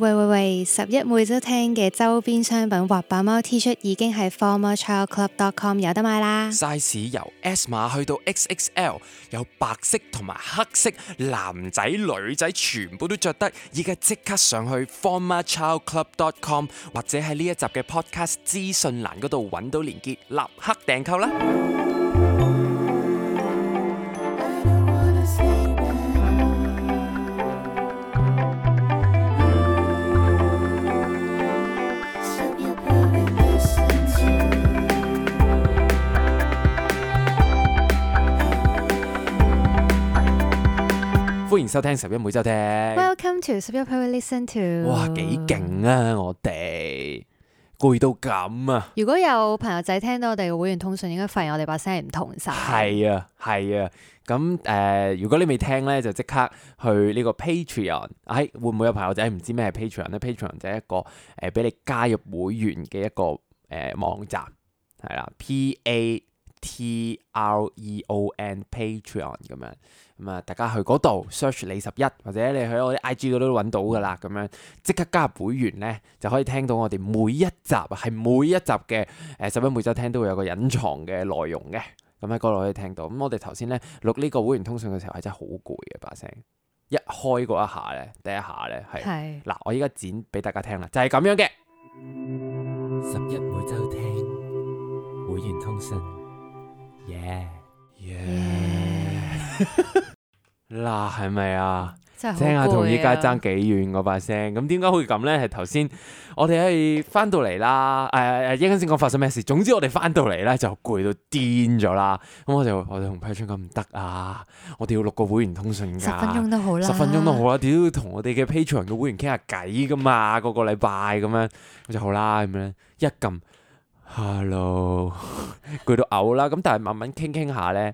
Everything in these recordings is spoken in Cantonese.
喂喂喂！十一每周聽嘅周邊商品滑板貓 T 恤已經喺 formerchildclub.com 有得買啦。size 由 S 碼去到 XXL，有白色同埋黑色，男仔女仔全部都着得。而家即刻上去 formerchildclub.com 或者喺呢一集嘅 podcast 資訊欄嗰度揾到連結，立刻訂購啦！歡迎收聽拾壹每周聽。Welcome to 拾壹每周 listen to。哇，幾勁啊！我哋攰到咁啊！如果有朋友仔聽到我哋嘅會員通訊，應該發現我哋把聲唔同晒。係啊，係啊。咁誒、呃，如果你未聽咧，就即刻去呢個 Patreon。誒、哎，會唔會有朋友仔唔知咩 Patreon 咧？Patreon 就係一個誒，俾、呃、你加入會員嘅一個誒、呃、網站。係啦，p a t r e o n Patreon 咁樣。咁啊，大家去嗰度 search 你拾壹，或者你去我啲 IG 嗰度都揾到噶啦，咁樣即刻加入會員呢，就可以聽到我哋每一集係每一集嘅誒、呃、拾壹每週聽都會有個隱藏嘅內容嘅，咁喺嗰度可以聽到。咁、嗯、我哋頭先呢，錄呢個會員通訊嘅時候係真係好攰嘅，把聲一開嗰一下呢，第一下呢，係，嗱是我依家剪俾大家聽啦，就係、是、咁樣嘅。拾壹每週聽會員通訊 y、yeah, e、yeah. yeah. 嗱，係咪 啊？真係攰啊聽下同依家爭幾遠嗰把聲，咁點解會咁呢？係頭先我哋係翻到嚟啦，誒，一陣先講發生咩事。總之我哋翻到嚟呢，就攰到癲咗啦。咁我就我哋同 Patreon 講唔得啊，我哋要錄個會員通訊噶。十分鐘都好啦，十分鐘都好啦。屌，要同我哋嘅 Patreon 嘅會員傾下偈噶嘛，個個禮拜咁樣，咁就好啦。咁樣一撳，Hello，攰 到嘔啦。咁但係慢慢傾傾下呢。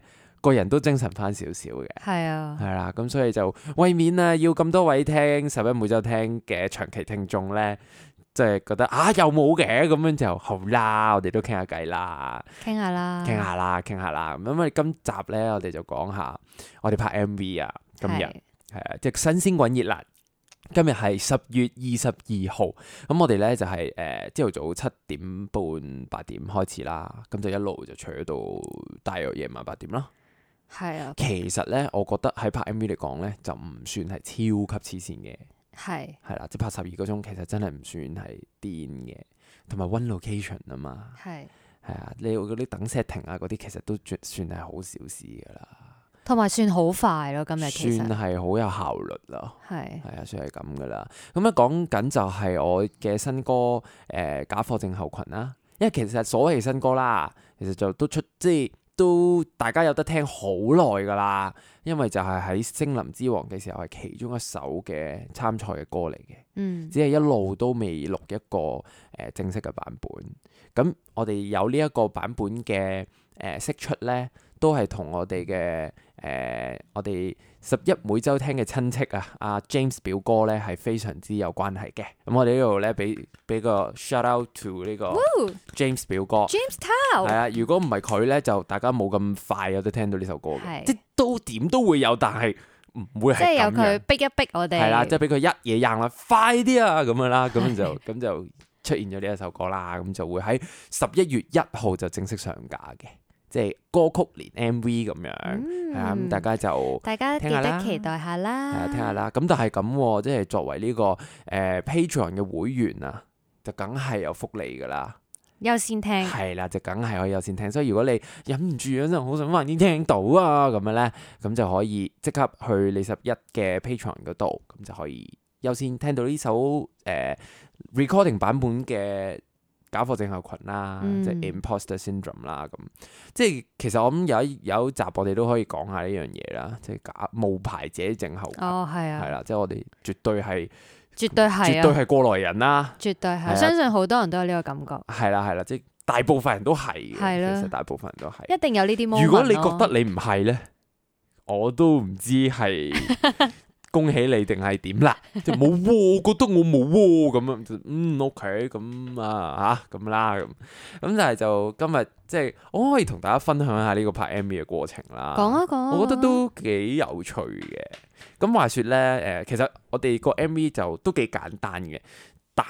個人都精神返少少嘅，係啊，係啦，咁所以就為免啊要咁多位聽拾壹每週聽嘅長期聽眾呢，就係、是、覺得啊又冇嘅咁樣就好啦，我哋都傾下計啦，傾下啦，傾下啦，傾下啦，咁因為今集呢，我哋就講下我哋拍 MV 是啊，今日係啊即係新鮮滾熱辣，今日係十月二十二號，咁我哋呢，就係誒朝頭早七點半八點開始啦，咁就一路就除咗到大約夜晚八點咯。係啊，其實咧，我覺得喺拍 MV 嚟講咧，就唔算係超級黐線嘅。係、啊，係啦、啊，即拍十二個鐘，其實真係唔算係癲嘅，同埋 one location 啊嘛。係、啊，係啊，你啲等 setting 啊嗰啲，其實都算算係好小事㗎啦。同埋算好快咯、啊，今日其實算係好有效率咯。係、啊，係啊，算係咁㗎啦。咁啊，講緊就係我嘅新歌誒《假、呃、貨症候群、啊》啦，因為其實所謂新歌啦，其實就都出即係。都大家有得聽好耐㗎喇，因為就係喺《聲林之王》嘅時候係其中一首嘅參賽嘅歌嚟嘅，嗯、只係一路都未錄一個、呃、正式嘅版本。咁我哋有呢一個版本嘅誒釋出呢。都係同我哋嘅誒，我哋十一每周聽嘅親戚啊，阿、啊、James 表哥咧，係非常之有關係嘅。咁我哋呢度咧，俾俾個 shout out to 呢個 James 表哥。James Tao 係啊，如果唔係佢咧，就大家冇咁快有都聽到呢首歌。嘅的，即都點都會有，但係唔會係。即係有佢逼一逼我哋。係、啊、啦，即係俾佢一嘢扔啦，快啲啊咁樣啦，咁就咁就出現咗呢一首歌啦。咁就會喺十一月一號就正式上架嘅。即係歌曲連 MV 咁樣，係啊，咁大家就大家記得期待下啦，係啊聽下啦。咁但係咁，即係作為呢個誒 Patreon 嘅會員啊，就梗係有福利噶啦，優先聽係啦，就梗係可以優先聽。所以如果你忍唔住，真係好想快啲聽到啊咁樣咧，咁就可以即刻去你拾壹嘅 Patreon 嗰度，咁就可以優先聽到呢首誒 recording 版本嘅。假貨症候群啦，嗯、即係 imposter syndrome 啦，咁即係其實我諗有一有一集我哋都可以講下呢樣嘢啦，即係假冒牌者症候群。哦，係啊，係啦、啊，即、就、係、是、我哋絕對係，絕對係、啊，絕對係過來人啦，絕對係，我相信好多人都有呢個感覺。係啦、啊，係啦、啊，即係、啊啊就是、大部分人都係嘅，啊、其實大部分人都係。一定有呢啲 moment。如果你覺得你唔係咧， 我都唔知係。 恭喜你定係點啦？ 就冇喎、哦，我覺得我冇喎咁樣，嗯，OK，咁啊吓，咁啦咁，咁但係就今日即係我可以同大家分享下呢個拍 MV 嘅過程啦。講一講，啊、我覺得都幾有趣嘅。咁話説呢，誒、呃，其實我哋個 MV 就都幾簡單嘅，大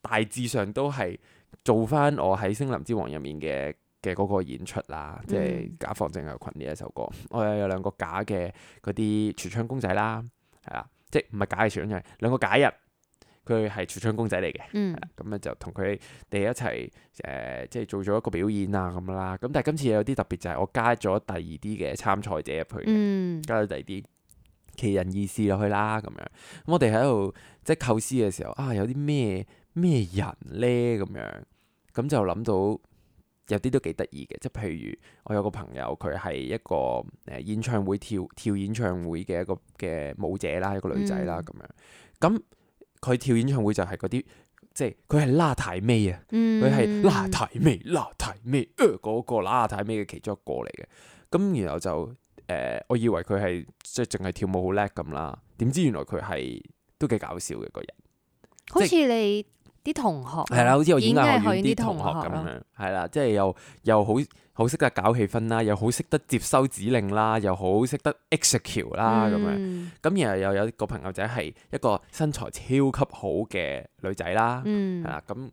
大致上都係做翻我喺《聲林之王》入面嘅嘅嗰個演出啦，即、就、係、是《假放正由群》呢一首歌。嗯、我有有兩個假嘅嗰啲櫥窗公仔啦。係啦，即係唔係假嘅槍人，兩個假人，佢係櫥窗公仔嚟嘅。咁咧、嗯、就同佢哋一齊誒、呃，即係做咗一個表演啊咁啦。咁但係今次有啲特別就係、是、我加咗第二啲嘅參賽者入去，嗯、加咗第二啲奇人異士落去啦咁樣。咁我哋喺度即係構思嘅時候啊，有啲咩咩人咧咁樣，咁就諗到。有啲都幾得意嘅，即係譬如我有個朋友，佢係一個誒演唱會跳跳演唱會嘅一個嘅舞者啦，一個女仔啦咁樣。咁佢跳演唱會就係嗰啲，即係佢係拉太妹啊？佢係、嗯、拉太妹拉太妹嗰、呃嗰個拉太妹嘅其中一個嚟嘅。咁然後就誒、呃，我以為佢係即係淨係跳舞好叻咁啦，點知原來佢係都幾搞笑嘅個人。好似你。即係啲同學係啦，好似我，我演藝學院啲同學咁樣係啦，即係又又好好識得搞氣氛啦，又好識得接收指令啦，又好識得 execute 啦咁、嗯、樣。咁然後又有個朋友仔係一個身材超級好嘅女仔啦，係啦咁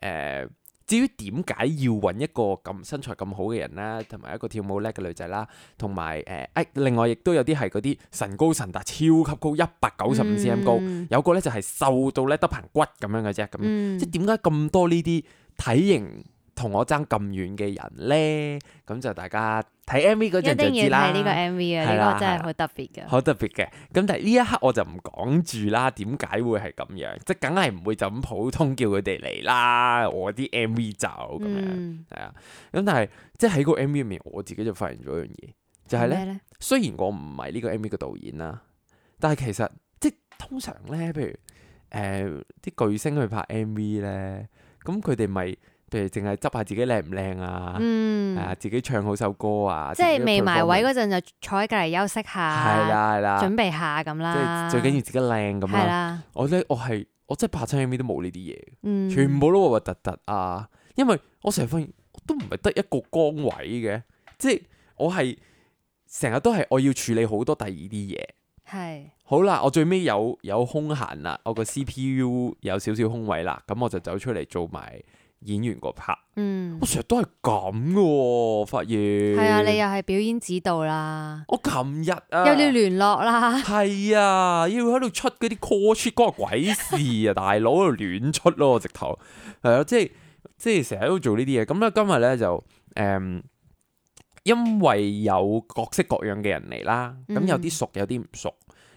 誒。至於點解要揾一個咁身材咁好嘅人啦，同埋一個跳舞叻嘅女仔啦，同埋誒另外亦都有啲係嗰啲神高神大超級高，一百九十五 cm 高，嗯、有個呢就係瘦到呢得棚骨咁樣嘅啫，咁即係點解咁多呢啲體型？同我爭咁遠嘅人呢，咁就大家睇 MV 嗰陣就知啦。睇呢個 MV 啊，呢個真係好特別嘅，好、啊啊、特別嘅。咁但係呢一刻我就唔講住啦，點解會係咁樣？即係梗係唔會就咁普通叫佢哋嚟啦。我啲 MV 就咁樣，係、嗯、啊。咁但係即係喺個 MV 入面，我自己就發現咗一樣嘢，就係、是、呢：呢雖然我唔係呢個 MV 嘅導演啦，但係其實即通常呢，譬如啲、呃、巨星去拍 MV 呢、就是，咁佢哋咪。譬如淨係執下自己靚唔靚啊，係、嗯、啊，自己唱好首歌啊，即係未埋位嗰陣就坐喺隔籬休息下，係啦係啦，準備下咁啦，啊。即係最緊要自己靚咁啦。我咧我係我真係拍親 MV 都冇呢啲嘢，嗯、全部都核核突突啊！因為我成日發現都唔係得一個崗位嘅，即、就、係、是、我係成日都係我要處理好多第二啲嘢。係的好啦，我最尾有有空閒啦，我個 CPU 有少少空位啦，咁我就走出嚟做埋。演員個拍，嗯，我成日都係咁嘅，我發現。係啊，你又係表演指導啦。我琴日啊，有啲聯絡啦。係啊，要喺度出嗰啲 call 出嗰個鬼事啊， 大佬喺度亂出咯，直頭係啊，即係即係成日喺度做呢啲嘢。咁咧今日咧就，誒、嗯，因為有各式各樣嘅人嚟啦，咁、er, mm. 有啲熟，有啲唔熟，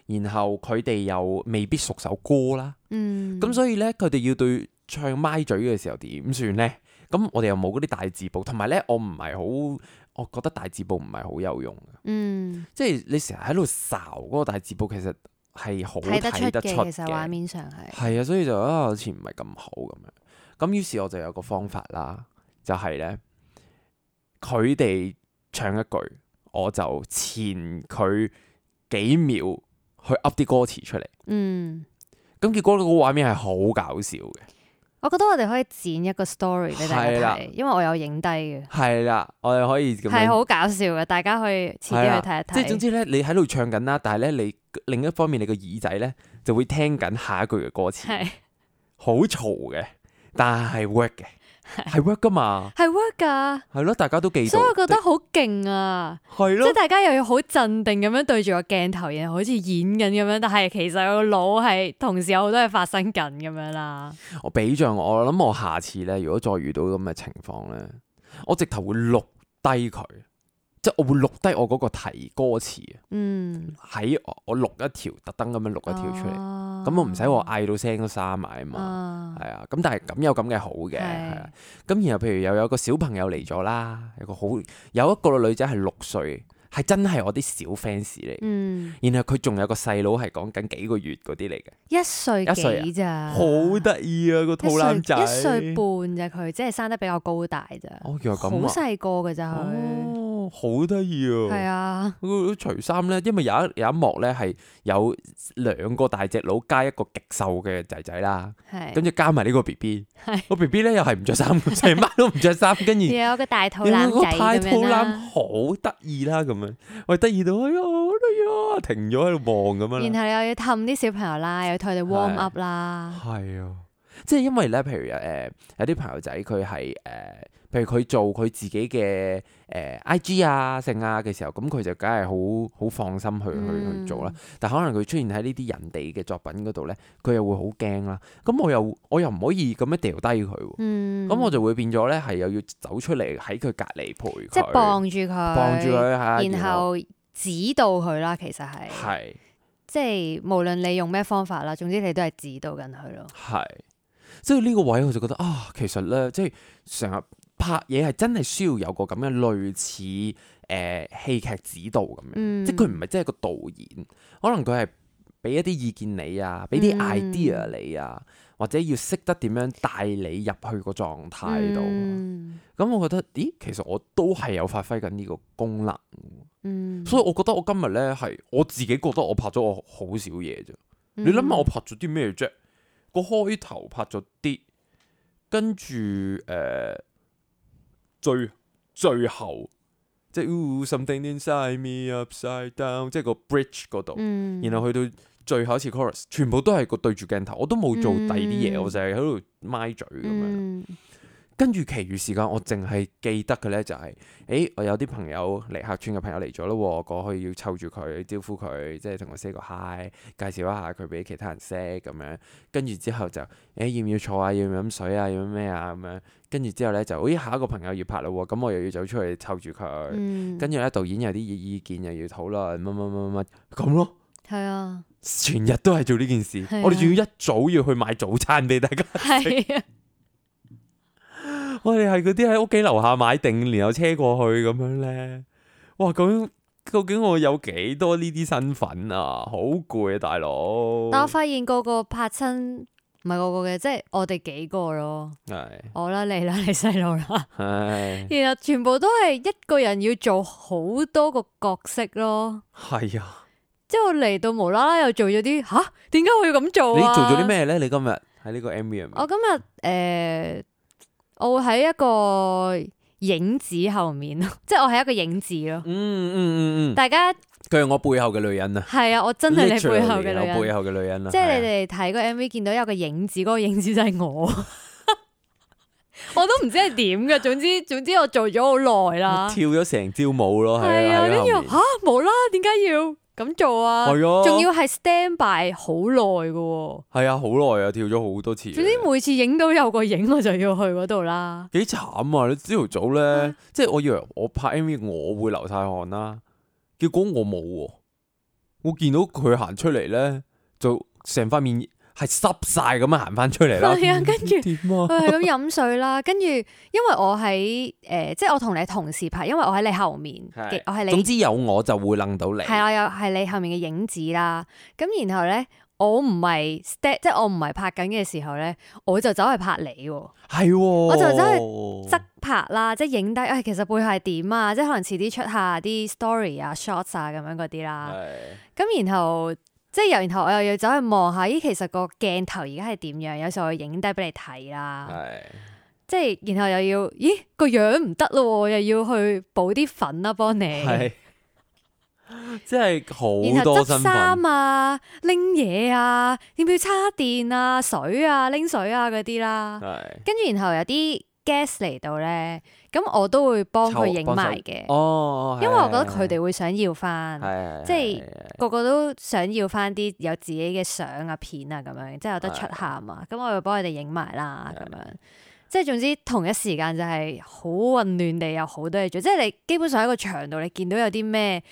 然後佢哋又未必熟首歌啦，嗯，咁所以咧佢哋要對。唱咪嘴嘅時候點算呢？咁我哋又冇嗰啲大字報，同埋呢我唔係好，我覺得大字報唔係好有用嘅。嗯，即係你成日喺度睄嗰個大字報，其實係好睇得出嘅。其實畫面上係係啊，所以就啊好似唔係咁好咁樣。咁於是我就有個方法啦，就係呢：佢哋唱一句，我就前佢幾秒去 up 啲歌詞出嚟。嗯，咁，嗯，結果嗰個畫面係好搞笑嘅。我覺得我哋可以剪一個 story 俾大家睇，的因為我有影低嘅。係啦，我哋可以係好搞笑嘅，大家可以遲啲去睇一睇。即係總之咧，你喺度唱緊啦，但係咧你另一方面，你個耳仔咧就會聽緊下一句嘅歌詞，係好嘈嘅，但係 work 嘅。係 work 噶嘛？係 work 噶，係咯，大家都記住，所以我覺得好勁即啊！係咯的，即係大家又要好鎮定咁樣對住個鏡頭，然後好似演緊咁樣，但係其實個腦係同時有好多嘢發生緊咁樣啦。我比着我，我諗我下次咧，如果再遇到咁嘅情況咧，我直頭會錄低佢。即係我會錄低我嗰個提歌詞啊，喺、嗯、我錄一條，特登咁樣錄一條出嚟，咁、啊、我唔使我嗌到聲都沙埋啊嘛，係啊，咁但係咁有咁嘅好嘅，係啊，咁是、啊、然後譬如又有個小朋友嚟咗啦，有個好有一個女仔係六歲，係真係我啲小 fans 嚟，嗯，然後佢仲有個細佬係講緊幾個月嗰啲嚟嘅，一歲一歲咋，好得意啊，個肚腩仔一，一歲半咋佢，即係生得比較高大咋，哦，原來咁啊，好細個嘅咋佢。.好得意啊！係啊，除衫咧，因為有一有一幕咧，係有兩個大隻佬加一個極瘦嘅仔仔啦，係，跟住加埋呢個 BB，個 BB 咧又係唔着衫，成班都唔着衫，跟住有個大肚腩，個大肚腩好得意啦，咁樣喂，得意到哎呀，好得意啊，停咗喺度望咁樣。然後又要氹啲小朋友啦，又要同佢哋 warm up 啦。係啊，即係因為咧，譬如誒，有啲朋友仔佢係誒。譬如佢做佢自己嘅誒、呃、I G 啊、性啊嘅時候，咁佢就梗係好好放心去去、嗯、去做啦。但可能佢出現喺呢啲人哋嘅作品嗰度咧，佢又會好驚啦。咁我又我又唔可以咁樣掉低佢，咁、嗯、我就會變咗咧，係又要走出嚟喺佢隔離陪佢，即係傍住佢，傍住佢，然後指導佢啦。其實係，嗯、係即係無論你用咩方法啦，總之你都係指導緊佢咯。係，即係呢個位我就覺得啊，其實咧，即係成日，成日成日拍嘢係真係需要有個咁嘅類似誒戲劇指導咁樣，嗯、即係佢唔係真係個導演，可能佢係俾一啲意見你啊，俾啲 idea 你啊，嗯、或者要識得點樣帶你入去個狀態度。咁、嗯、我覺得，咦，其實我都係有發揮緊呢個功能。嗯、所以我覺得我今日呢係我自己覺得我拍咗我好少嘢啫。嗯、你諗下我拍咗啲咩啫？個開頭拍咗啲，跟住誒。呃最最後即係 something inside me upside down，即係個 bridge 嗰度，嗯、然後去到最後一次 chorus，全部都係個對住鏡頭，我都冇做第二啲嘢，嗯、我成日喺度咪嘴咁樣。嗯嗯跟住，其餘時間我淨係記得嘅呢就係、是、誒、欸，我有啲朋友，嚟客串嘅朋友嚟咗咯，我過去要湊住佢招呼佢，即係同佢 say 個 hi，介紹一下佢俾其他人識咁樣。跟住之後就誒、欸，要唔要坐啊？要唔要飲水啊？要咩啊？咁樣。跟住之後呢，就、欸、咦，下一個朋友要拍咯，咁我又要走出去湊住佢。嗯、跟住呢，導演有啲意見又要討論，乜乜乜乜咁咯。係啊。全日都係做呢件事，啊、我哋仲要一早要去買早餐俾大家食。對 我哋係嗰啲喺屋企樓下買定，然後車過去咁樣咧。哇！咁究竟我有幾多呢啲身份啊？好攰啊，大佬！但我發現嗰個拍親唔係嗰個嘅，即係我哋幾個咯。係我啦，你啦，你細路啦。係。然後全部都係一個人要做好多個角色咯。係啊。之後嚟到無啦啦又做咗啲，吓？點解我要咁做啊？你做咗啲咩咧？你今日喺呢個 MV 入面？我今日誒。呃我會喺一個影子後面咯，即係我係一個影子咯嗯。嗯嗯嗯嗯。嗯，大家佢係我背後嘅女人啊。係啊，我真係你背後嘅女人。背後嘅女人啊，即係你哋睇個 MV 見到有個影子，嗰是、啊、個影子就係我。 我都唔知係點噶，總之總之我做咗好耐啦，跳咗成招舞咯，係啊，點要吓冇啦？點解要？啊咁做啊，仲要係 stand by 好耐嘅，係啊，好耐啊，啊，啊，跳咗好多次。總之每次影到有個影，我就要去嗰度啦。幾慘啊！你朝頭早咧，啊、即係我以為我拍 MV 我會流晒汗啦，結果我冇、啊。我見到佢行出嚟咧，就成塊面。係濕晒咁樣行翻出嚟咯，跟住係咁飲水啦。跟住，因為我喺誒、呃，即係我同你同時拍，因為我喺你後面。係是。我係你。總之有我就會楞到你。係啊，又係你後面嘅影子啦。咁然後咧，我唔係即係我唔係拍緊嘅時候咧，我就走去拍你。係、哦。我就走去側拍啦，即係影低其實背後係點啊？即係可能遲啲出下啲 story 啊、shots 啊咁樣嗰啲啦。係是。咁然後。即係又，然後我又要走去望下，咦，其實個鏡頭而家係點樣？有時候我影低俾你睇啦。係。是的 即係，然後又要，咦，個樣唔得咯，又要去補啲粉啦、啊，幫你。係。即係好多然後執衫啊，拎嘢啊，要唔要叉電啊、水啊、拎水啊嗰啲啦。係。跟住然後有啲 guest 嚟到咧。咁我都會幫佢影埋嘅，因為我覺得佢哋會想要返，即係個個都想要返啲有自己嘅相啊、片啊咁樣，即係有得出下啊。咁我會幫佢哋影埋啦，咁樣即係總之同一時間就係好混亂地有好多嘢做，即係你基本上喺個場度，你見到有啲咩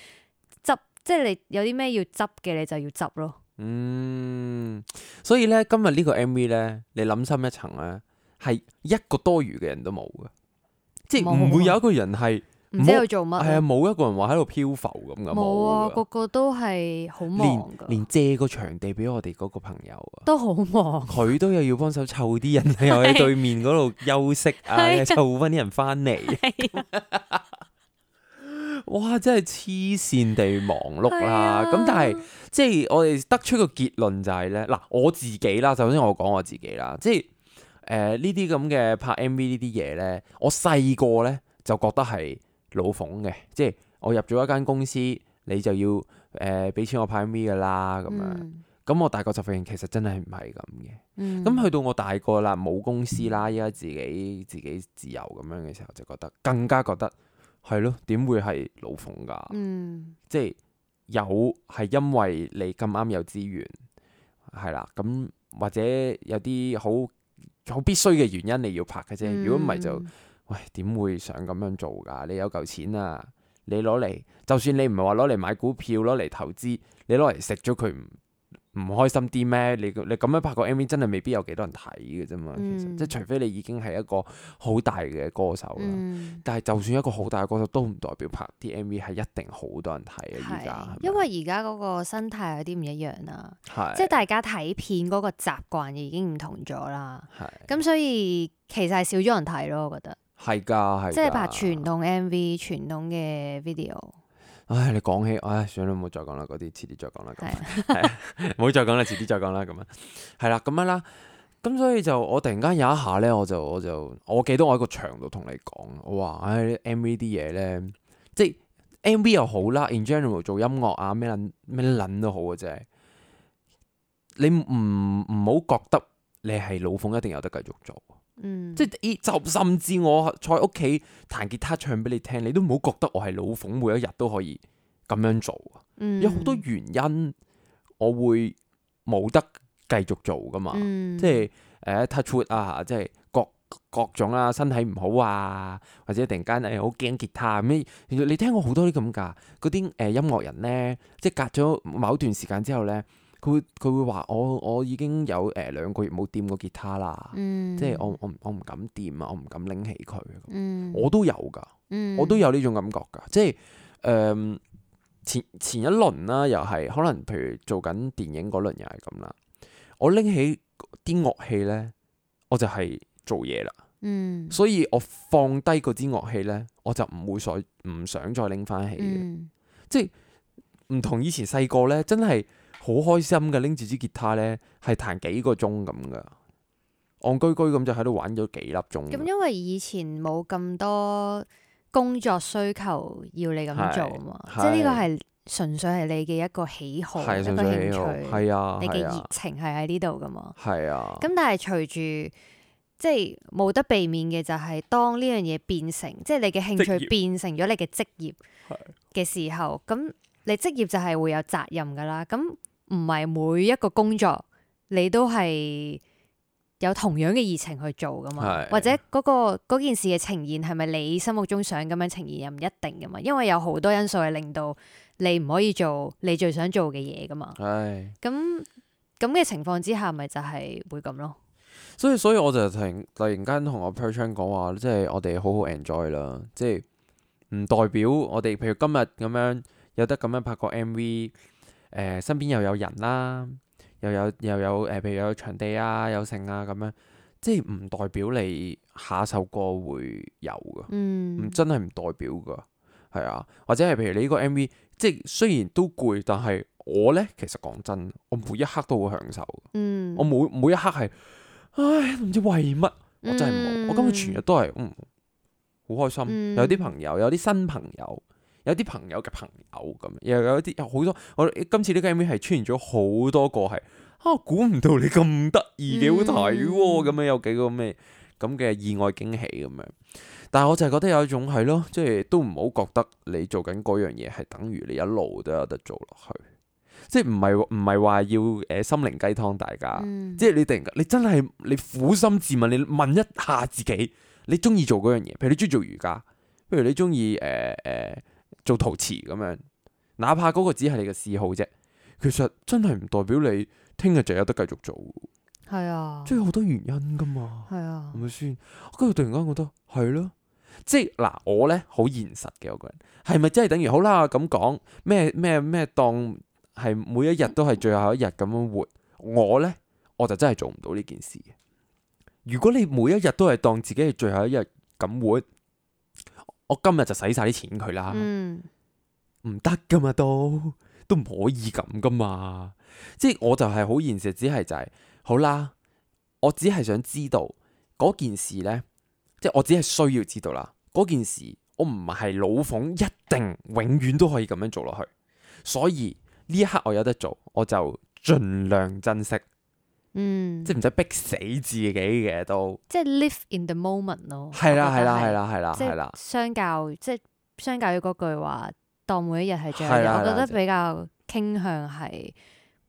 執，即係你有啲咩要執嘅，你就要執咯。嗯，所以咧今日呢個 MV 咧，你諗深一層咧，係一個多餘嘅人都冇嘅。即唔好會有一個人係唔知佢做乜。係啊，冇一個人話喺度漂浮咁噶，冇啊，啊，個個都係好忙噶，連借個場地俾我哋嗰個朋友，啊，都好忙，佢都有要幫手湊啲人又喺對面嗰度休息啊，湊翻啲人翻嚟，啊、 哇，真係黐線地忙碌啦！咁、啊、但係即係我哋得出個結論就係、是、咧，嗱我自己啦，首先我講我自己啦，即係。誒呢啲咁嘅拍 M.V. 呢啲嘢呢，我細個呢就覺得係老奉嘅，即係我入咗一間公司，你就要誒俾、呃、錢我拍 M.V. 噶啦。咁、嗯、樣咁我大個就發現其實真係唔係咁嘅。咁、嗯、去到我大個啦，冇公司啦，依家自己自己自由咁樣嘅時候，就覺得更加覺得係咯，點會係老奉㗎？嗯、即係有係因為你咁啱有資源係啦，咁或者有啲好。好必須嘅原因你要拍嘅啫。如果唔係就，喂，點會想咁樣做㗎？你有嚿錢呀，你攞嚟，就算你唔係話攞嚟買股票，攞嚟投資，你攞嚟食咗佢唔唔開心啲咩？你你咁樣拍個 MV 真係未必有幾多人睇嘅啫嘛，其實即係除非你已經係一個好大嘅歌手啦。嗯、但係就算一個好大嘅歌手都唔代表拍啲 MV 係一定好多人睇啊！而家是吧因為而家嗰個生態有啲唔一樣啦，是即係大家睇片嗰個習慣已經唔同咗啦。咁是所以其實係少咗人睇咯，我覺得係㗎，即係拍傳統 MV、傳統嘅 video。唉，你講起，唉，算啦，唔好再講啦。嗰啲遲啲再講啦，係唔好再講啦，遲啲再講啦。咁樣係啦，咁樣啦。咁所以就我突然間有一下咧，我就我就我記得我喺個場度同你講，我話唉 M V 啲嘢咧，即係 M V 又好啦。In general 做音樂啊，咩撚咩撚都好嘅，即係你唔唔好覺得你係老奉一定有得繼續做。嗯、即係依就甚至我坐喺屋企彈吉他唱俾你聽，你都唔好覺得我係老馮，每一日都可以咁樣做啊！嗯、有好多原因，我會冇得繼續做噶嘛。嗯、即係誒、呃、touch wood 啊，即係各各種啊，身體唔好啊，或者突然間誒好驚吉他咁樣。其實你聽過好多啲咁㗎，嗰啲誒音樂人呢，即係隔咗某段時間之後呢。佢會佢會話我我已經有誒兩個月冇掂過吉他啦，嗯、即係我我我唔敢掂啊，我唔敢拎起佢。嗯、我都有噶，嗯、我都有呢種感覺㗎，即係誒、呃、前前一輪啦，又係可能譬如做緊電影嗰輪又係咁啦。我拎起啲樂器呢，我就係做嘢啦，嗯、所以我放低嗰支樂器呢，我就唔會再唔想再拎翻起嘅，嗯、即係唔同以前細個呢，真係。好開心嘅，拎住支吉他咧，係彈幾個鐘咁噶，戇居居咁就喺度玩咗幾粒鐘。咁因為以前冇咁多工作需求要你咁做啊嘛，即係呢個係純粹係你嘅一個喜好，喜好一個興趣，係啊，啊你嘅熱情係喺呢度噶嘛，係啊。咁但係隨住即係冇得避免嘅就係，當呢樣嘢變成即係、啊、你嘅興趣變成咗你嘅職業嘅時候，咁職業、啊、你職業就係會有責任噶啦，咁。唔係每一個工作你都係有同樣嘅熱情去做噶嘛？是的 或者嗰、嗰個件事嘅呈現係咪你心目中想咁樣呈現又唔一定噶嘛？因為有好多因素係令到你唔可以做你最想做嘅嘢噶嘛。係是的。咁咁嘅情況之下，咪就係、是、會咁咯。所以所以我就突然突然間同阿 Perchan 講話，即係我哋好好 enjoy 啦，即係唔代表我哋譬如今日咁樣有得咁樣拍個 MV。誒、呃、身邊又有人啦、啊，又有又有誒、呃，譬如有場地啊，有剩啊咁樣，即係唔代表你下首歌會有噶，唔、嗯、真係唔代表噶，係啊，或者係譬如你呢個 MV，即係雖然都攰，但係我咧其實講真，我每一刻都好享受，嗯、我每每一刻係，唉唔知為乜，我真係唔好、嗯、我今日全日都係好、嗯、開心，嗯、有啲朋友，有啲新朋友。有啲朋友嘅朋友咁，又有啲有好多。我今次呢個 MV 係出現咗好多個，係啊，估唔到你咁得意嘅好睇喎。咁樣、嗯、有幾個咩咁嘅意外驚喜咁樣，但係我就覺得有一種係咯，即係都唔好覺得你做緊嗰樣嘢係等於你一路都有得做落去，即係唔係唔係話要誒、呃、心靈雞湯大家，嗯、即係你突然間你真係你苦心自問，你問一下自己，你中意做嗰樣嘢，譬如你中意做瑜伽，譬如你中意誒誒。做陶瓷咁樣，哪怕嗰個只係你嘅嗜好啫，其實真係唔代表你聽日就有得繼續做。係啊，即係好多原因噶嘛。係啊，係咪先？跟住突然間，覺得，係咯，即係嗱，我呢，好現實嘅我個人，係咪真係等於好啦咁講咩咩咩，當係每一日都係最後一日咁樣活，呃、我呢，我就真係做唔到呢件事。如果你每一日都係當自己係最後一日咁活。我今日就使晒啲錢佢啦，唔得㗎嘛，都都唔可以咁㗎嘛。即係我就係好現實只是，就是，只係就係好啦。我只係想知道嗰件事呢，即係我只係需要知道啦。嗰件事我唔係老馮，一定永遠都可以咁樣做落去。所以呢一刻我有得做，我就盡量珍惜。嗯，即係唔使逼死自己嘅都，即係 live in the moment 咯、啊。係啦係啦係啦係啦係啦，啊啊啊啊、相較即係、就是、相較於嗰句話，當每一日係最後，啊啊、我覺得比較傾向係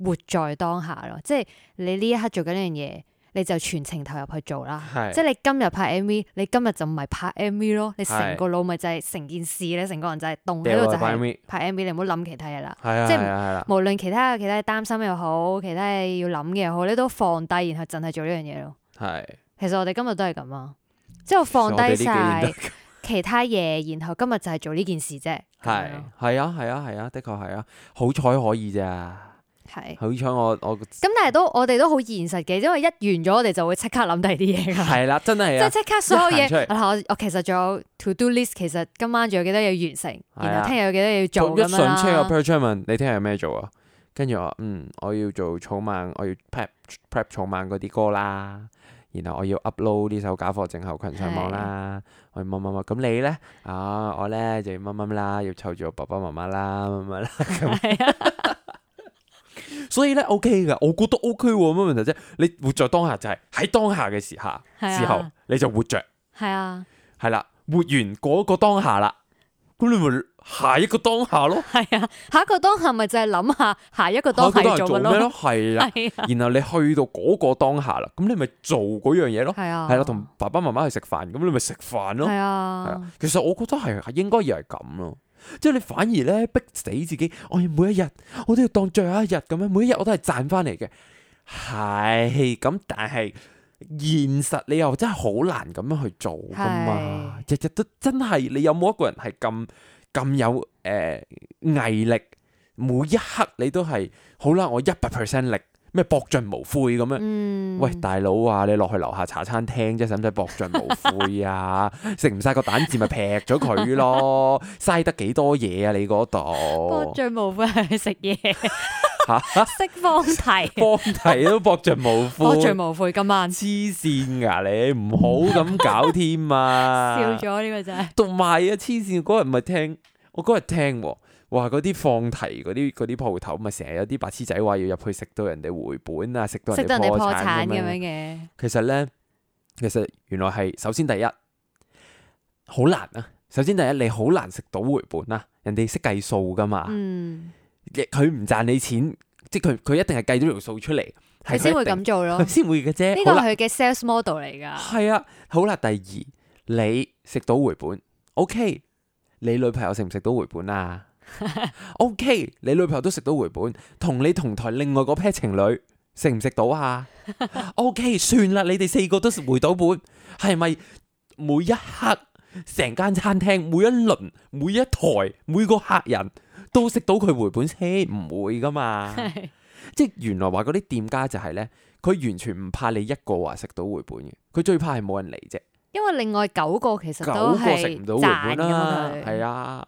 活在當下咯。即係、啊啊、你呢一刻做緊呢樣嘢。你就全程投入去做啦，是即係你今日拍 MV，你今日就唔係拍 MV 咯，是你成個腦咪就係成件事咧，成個人就係動喺度就係拍 MV，你唔好諗其他嘢啦，啊、即係不、啊啊、無論其他嘅其他擔心又好，其他嘢要諗嘅又好，你都放低，然後淨係做呢樣嘢咯。係是，其實我哋今日都係咁啊，即係放低晒其他嘢，然後今日就係做呢件事啫。係，係啊，係啊，係啊，啊，啊，啊，的確係啊，好彩可以咋。係，好彩我我咁，但係都我哋都好現實嘅，因為一完咗我哋就會即刻諗第啲嘢噶。係啦，真係即即刻所有嘢我其實仲有 to do list，其實今晚仲有幾多嘢完成，然後聽日有幾多嘢做噶嘛。一上車個 per 陳問你聽日有咩做啊？跟住我嗯，我要做草蜢，我要 prep prep 草蜢嗰啲歌啦，然後我要 upload 呢首假貨症候群上網啦，我乜乜乜咁你咧啊？我咧就要乜乜啦，要湊住我爸爸媽媽啦，乜乜啦。所以咧，OK 噶，我覺得 OK 喎，冇乜問題啫？你活在當下就係喺當下嘅時候，之後，你就活着。係啊，係啦，活完嗰個當下啦，咁你咪下一個當下咯。係啊，下一個當下咪就係諗下下一個當下做咩咯。係啊，然後你去到嗰個當下啦，咁你咪做嗰樣嘢咯。係啊，係啦，同爸爸媽媽去食飯，咁你咪食飯咯。係啊，係啊。其實我覺得係，應該要係咁咯。即係你反而咧，逼死自己，我要每一日，我都要當最後一日咁樣，每一日我都係賺翻嚟嘅，係咁。但係現實你又真係好難咁樣去做㗎嘛？日日是都真係，你有冇一個人係咁咁有誒毅、呃、力？每一刻你都係好啦，我一百 percent 力。咩搏盡無悔咁樣？嗯、喂，大佬啊，你落去樓下茶餐廳啫，使唔使搏盡無悔啊？食唔晒個蛋字咪劈咗佢咯？嘥得幾多嘢啊？你嗰度搏盡無悔係食嘢嚇？釋放題放題都搏盡無悔，搏 盡無悔今晚黐線㗎你，唔好咁搞添啊！笑咗呢、這個真係同埋啊！黐線嗰日咪聽，我嗰日聽喎。哇！嗰啲放題嗰啲嗰啲鋪頭咪成日有啲白痴仔話要入去食到人哋回本啊，食到人哋破產咁樣嘅。其實呢，其實原來係首先第一，好難啊！首先第一，你好難食到回本啊！人哋識計數㗎嘛？嗯，佢唔賺你錢，即係佢佢一定係計咗條數出嚟，係先會咁做咯，佢先會嘅啫。呢個係佢嘅 sales model 嚟㗎。係啊，好啦，第二，你食到回本，OK？你女朋友食唔食到回本啊？ o、okay, K，你女朋友都食到回本，同你同台另外嗰 pair 情侶食唔食到啊？O、okay, K，算啦，你哋四個都食回到本，係咪每一刻成間餐廳每一輪每一台每個客人都食到佢回本先唔會噶嘛？ 即係原來話嗰啲店家就係、係、呢，佢完全唔怕你一個話食到回本嘅，佢最怕係冇人嚟啫。因為另外九個其實都係賺啦，係啊。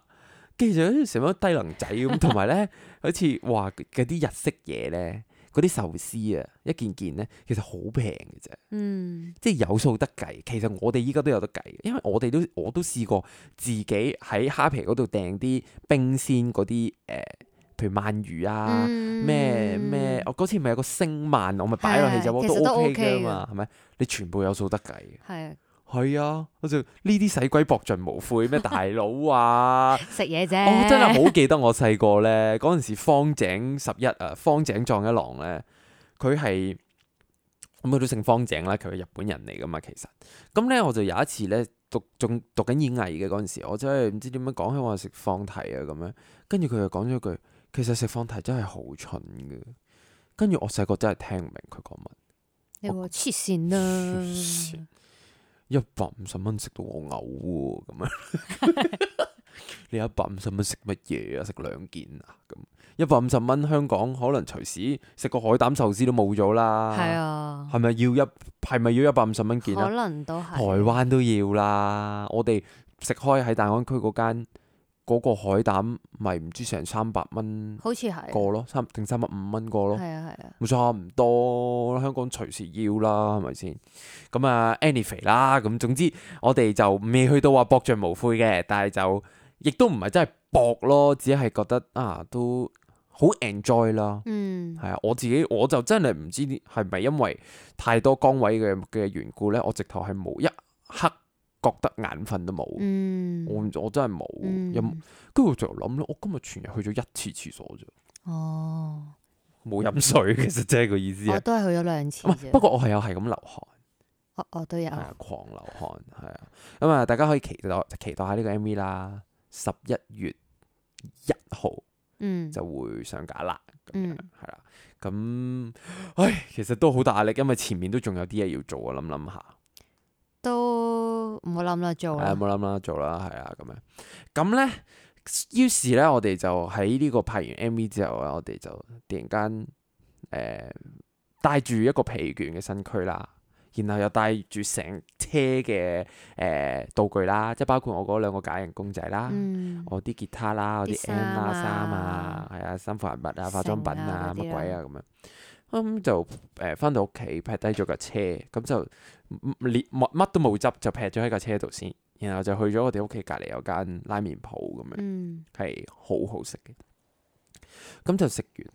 跟住仲有成班低能仔咁，同埋咧，好似話嗰啲日式嘢咧，嗰啲壽司啊，一件件咧，其實好平嘅啫。嗯、即係有數得計。其實我哋依家都有得計，因為我哋都我都試過自己喺蝦皮嗰度訂啲冰鮮嗰啲誒，譬、呃、如鰻魚啊，咩咩、嗯嗯，我嗰次咪有個星鰻，我咪擺落去就、嗯、都 OK 嘅嘛，係咪吧？你全部有數得計。係。係啊，我就呢啲使鬼搏盡無悔咩大佬啊，食嘢啫。我真係好記得我細個呢，嗰陣時方井十一啊，方井壯一郎呢，佢係咁，佢都姓方井啦，佢係日本人嚟噶嘛。其實咁呢，我就有一次呢，讀仲讀緊演藝嘅嗰陣時，我真係唔知點樣講起話食放題啊，咁樣，跟住佢就講咗句，其實食放題真係好蠢嘅。跟住我細個真係聽唔明佢講乜，你話黐線啦。一百五十蚊食到我嘔喎，咁樣你一百五十蚊食乜嘢啊？食兩、 啊、件啊？咁一百五十蚊香港可能隨時食個海膽壽司都冇咗啦，係咪、啊、要一係咪要一百五十蚊件、啊？可能都係台灣都，都要啦，我哋食開喺大安區嗰間。嗰個海膽咪唔知成三百蚊個咯，差定三百五蚊個咯，係啊，係啊，冇錯唔多，香港隨時要啦，係咪先？咁啊 any 肥啦，咁、uh, anyway, 總之我哋就未去到話搏著無悔嘅，但係就亦都唔係真係搏咯，只係覺得啊都好 enjoy 啦，嗯，係啊，我自己我就真係唔知係咪因為太多崗位嘅嘅緣故呢，我直頭係冇一刻。覺得眼瞓都冇、嗯，我真、嗯、我真係冇飲，跟住就諗咧，我今日全日去咗一次廁所啫，哦，冇飲水其實即係個意思啊、哦，都係去咗兩次不，不過我係有係咁流汗，我、哦、我都有，係啊，狂流汗，係啊，咁啊，大家可以期待期待下呢個 MV 啦，十一月一號，就會上架啦，咁、嗯、樣係啦，咁、嗯、唉，其實都好大壓力，因為前面都仲有啲嘢要做，我諗諗下。唔好諗啦，做啦。係 啊，唔好諗啦，做啦，係、嗯、啊，咁樣。咁咧，於是咧，我哋就喺呢個拍完 M V 之後咧，我哋就突然間誒，帶、呃、住一個疲倦嘅身軀啦，然後又帶住成車嘅誒、呃、道具啦，即係包括我嗰兩個假人公仔啦，嗯、我啲吉他啦，我啲的 M 啦、衫啊，係啊，生活物品啊、化妝品啊、乜鬼啊咁樣。咁就誒翻到屋企，劈低咗架車，咁就連乜乜都冇執，就劈咗喺架車度先，然後就去咗我哋屋企隔離有間拉麵鋪咁樣，係、嗯、好好食嘅。咁就食完，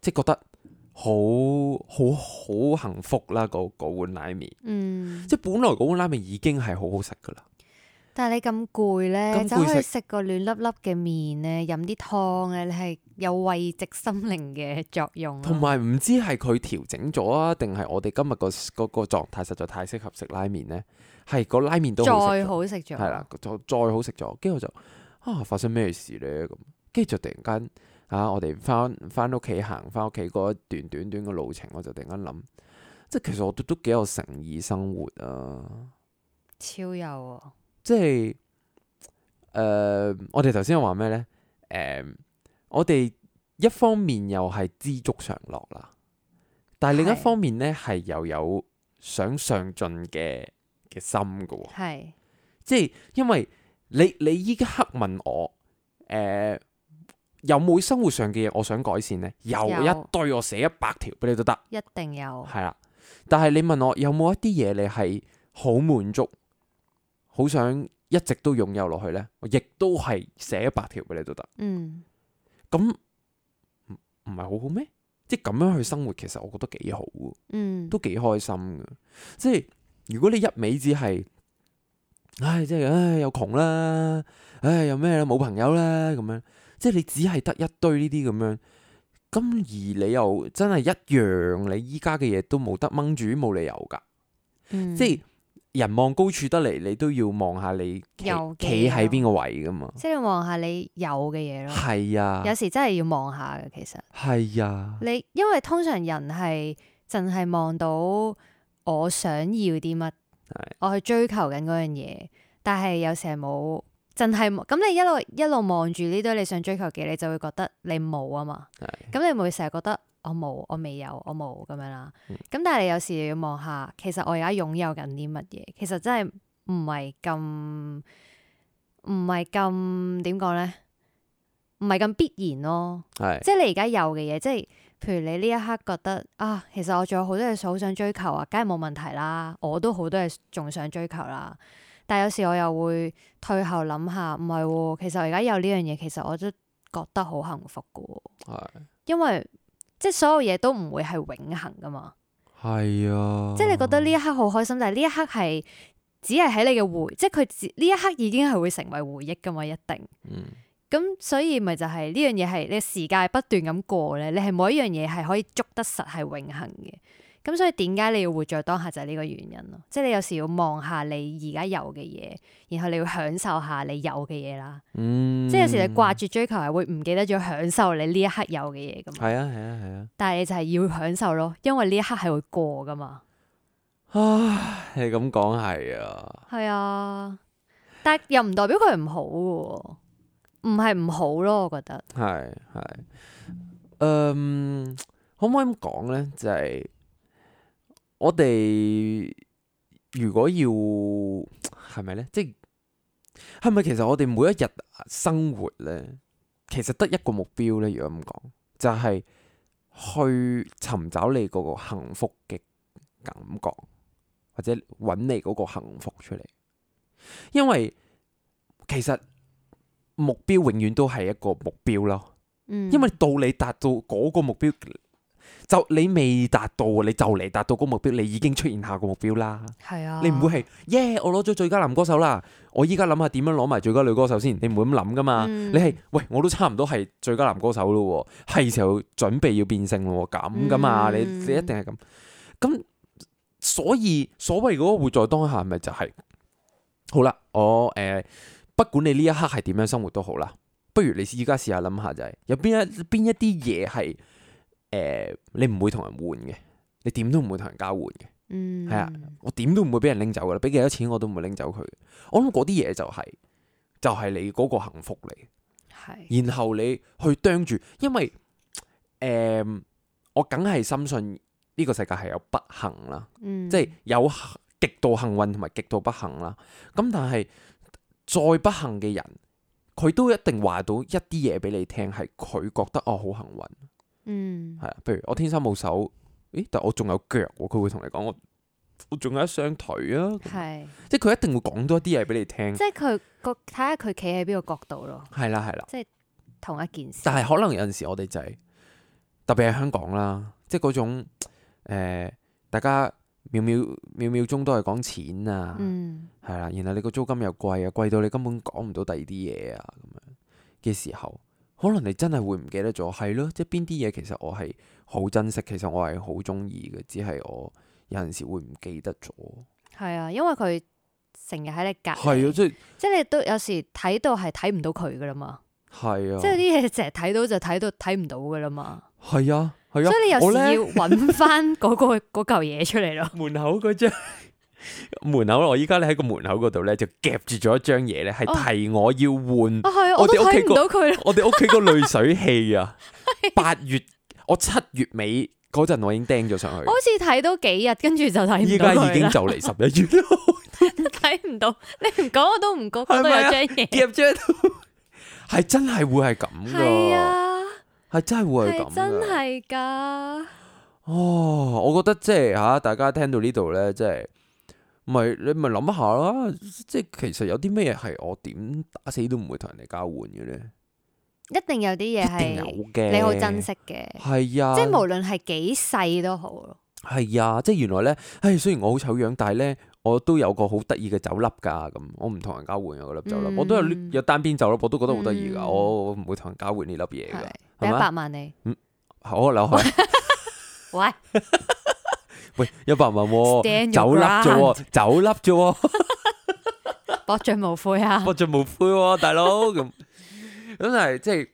即係覺得好好好幸福啦！嗰碗拉麵，嗯、即係本來嗰碗拉麵已經係好好食噶啦。但係你咁攰呢，走去食個暖粒粒嘅麵呢，飲啲湯呢，你係有慰藉心靈嘅作用。同埋唔知係佢調整咗啊，定係我哋今日個個個狀態實在太適合食拉麵呢？係、個拉麵都好再好食咗，係啦，再好食咗。跟住我就啊，發生咩事呢？」咁跟住就突然間啊，我哋翻翻屋企行，翻屋企嗰一段短短嘅路程，我就突然間諗，即係其實我都都幾有誠意生活啊，超有。啊。」即係誒、呃，我哋頭先話咩呢？誒、呃，我哋一方面又係知足常樂啦，但係另一方面呢，係是又有想上進嘅嘅心噶喎、哦。是即係因為你你依家刻問我誒、呃，有冇生活上嘅嘢我想改善呢？有一堆我寫一百條俾你都得，一定有。係啦，但係你問我有冇一啲嘢你係好滿足？好想一直都擁有落去呢，我亦都係寫一百條俾你都得。嗯，咁唔唔係好好咩？即係咁樣去生活，其實我覺得幾好，嗯，都幾開心嘅。即係如果你一味只係，唉，即係唉，又窮啦，唉，又咩啦，冇朋友啦，咁樣，即係你只係得一堆呢啲咁樣。咁而你又真係一樣，你依家嘅嘢都冇得掹住，冇理由噶。嗯，即係。人望高處得嚟，你都要望下你企喺邊個位噶嘛？即係要望下你有嘅嘢咯。係啊，有時真係要望下㗎。其實。係是啊，你。你因為通常人係淨係望到我想要啲乜，是的 我係追求緊嗰樣嘢，但係有時係冇，淨係咁你一路一路望住呢堆你想追求嘅嘢，你就會覺得你冇啊嘛。係。咁你唔會成日覺得。我冇，我未有，我冇咁樣啦。咁但係你有時要望下，其實我而家擁有緊啲乜嘢？其實真係唔係咁，唔係咁點講呢？唔係咁必然咯，是即係你而家有嘅嘢，即係譬如你呢一刻覺得啊，其實我仲有好多嘢好想追求啊，梗係冇問題啦。我都好多嘢仲想追求啦，但係有時我又會退後諗下，唔係，其實我而家有呢樣嘢，其實我都覺得好幸福噶，是因為。即係所有嘢都唔會係永恆噶嘛，係啊，即係你覺得呢一刻好開心，但係呢一刻係只係喺你嘅回，即係佢呢一刻已經係會成為回憶噶嘛，一定，咁、嗯、所以咪就係呢樣嘢係你嘅時間不斷咁過咧，你係冇一樣嘢係可以捉得實係永恆嘅。咁所以點解你要活在當下就係呢個原因咯，即係你有時要望下你而家有嘅嘢，然後你要享受下你有嘅嘢啦。嗯，即係有時你掛住追求係會唔記得咗享受你呢一刻有嘅嘢噶嘛？係啊，係啊，係啊，啊，啊。但係你就係要享受咯，因為呢一刻係會過噶嘛。啊，你咁講係啊。係啊，但係又唔代表佢唔好嘅喎，唔係唔好咯，我覺得。係係，嗯，可唔可以咁講咧？就係、是。我哋如果要係咪呢？即係咪其實我哋每一日生活呢，其實得一個目標呢。如果咁講，就係、是、去尋找你嗰個幸福嘅感覺，或者揾你嗰個幸福出嚟。因為其實目標永遠都係一個目標咯。嗯，因為到你達到嗰個目標。就你未達到你就嚟達到個目標，你已經出現下個目標啦。係啊、你唔會係耶，yeah, 我攞咗最佳男歌手啦，我依家諗下點樣攞埋最佳女歌手先，你唔會咁諗噶嘛？嗯、你係喂，我都差唔多係最佳男歌手咯，係時候準備要變性咯，咁噶嘛？你你一定係咁。咁、嗯、所以所謂嗰個活在當下、就是，咪就係好啦。我誒、呃，不管你呢一刻係點樣生活都好啦，不如你依家試下諗下就係、是、有邊一邊一啲嘢係。誒、呃，你唔會同人換嘅，你點都唔會同人交換嘅，係、嗯、啊，我點都唔會俾人拎走噶啦，俾幾多錢我都唔會拎走佢。我諗嗰啲嘢就係、是，就係、是、你嗰個幸福嚟，是 然後你去啄住，因為、呃、我梗係深信呢個世界係有不幸啦，嗯、即係有極度幸運同埋極度不幸啦。咁但係再不幸嘅人，佢都一定話到一啲嘢俾你聽，係佢覺得我好幸運。嗯，係啊，譬如我天生冇手，誒，但係我仲有腳，佢會同你講我，我仲有一雙腿啊，是即係佢一定會講多啲嘢俾你聽。即係佢個睇下佢企喺邊個角度咯。係啦係啦，即係同一件事。但係可能有陣時我哋就係、是，特別係香港啦，即係嗰種誒、呃，大家秒秒秒秒鐘都係講錢啊，係啦、嗯，然後你個租金又貴啊，貴到你根本講唔到第二啲嘢啊，咁樣嘅時候。可能你真係會唔記得咗，係咯，即係邊啲嘢，其實我係好珍惜，其實我係好中意嘅，只係我有陣時會唔記得咗。係啊，因為佢成日喺你隔籬係啊，就是、即係即係你都有時睇到係睇唔到佢噶啦嘛。係啊，即係啲嘢成日睇到就睇到睇唔到噶啦嘛。係啊係啊，啊所以你有時呢要揾翻嗰個嗰嚿嘢出嚟咯。門口嗰張。門口我依家咧喺個門口嗰度咧，就夾住咗一張嘢咧，係提我要換。啊，係啊，我都睇唔到佢。我哋屋企個濾水器啊，八月我七月尾嗰陣我已經釘咗上去。好似睇到幾日，跟住就睇唔到佢。依家已經就嚟十一月，睇唔到。你唔講我都唔覺，嗰度有張嘢夾住喺度。係真係會係咁噶，係真係會係咁，真係噶。哦是、啊，的的 oh, 我覺得即係吓，大家聽到呢度咧，即係。唔係你咪諗一下啦，即係其實有啲咩嘢係我點打死都唔會同人哋交換嘅咧？一定有啲嘢係，有嘅，你好珍惜嘅，係啊，即係無論係幾細都好。係啊，即係原來呢，唉、哎，雖然我好醜樣，但係呢，我都有個好得意嘅酒粒噶，咁我唔同人交換個粒酒粒，嗯、我都有有單邊酒粒，我都覺得好得意噶，嗯、我唔會同人交換呢粒嘢嘅。一百是吧萬你、嗯，好，劉海，喂。喂，一百萬喎，走笠咗喎，走笠咗喎，搏盡無悔啊，搏 盡 無悔啊，大佬咁，咁係即係，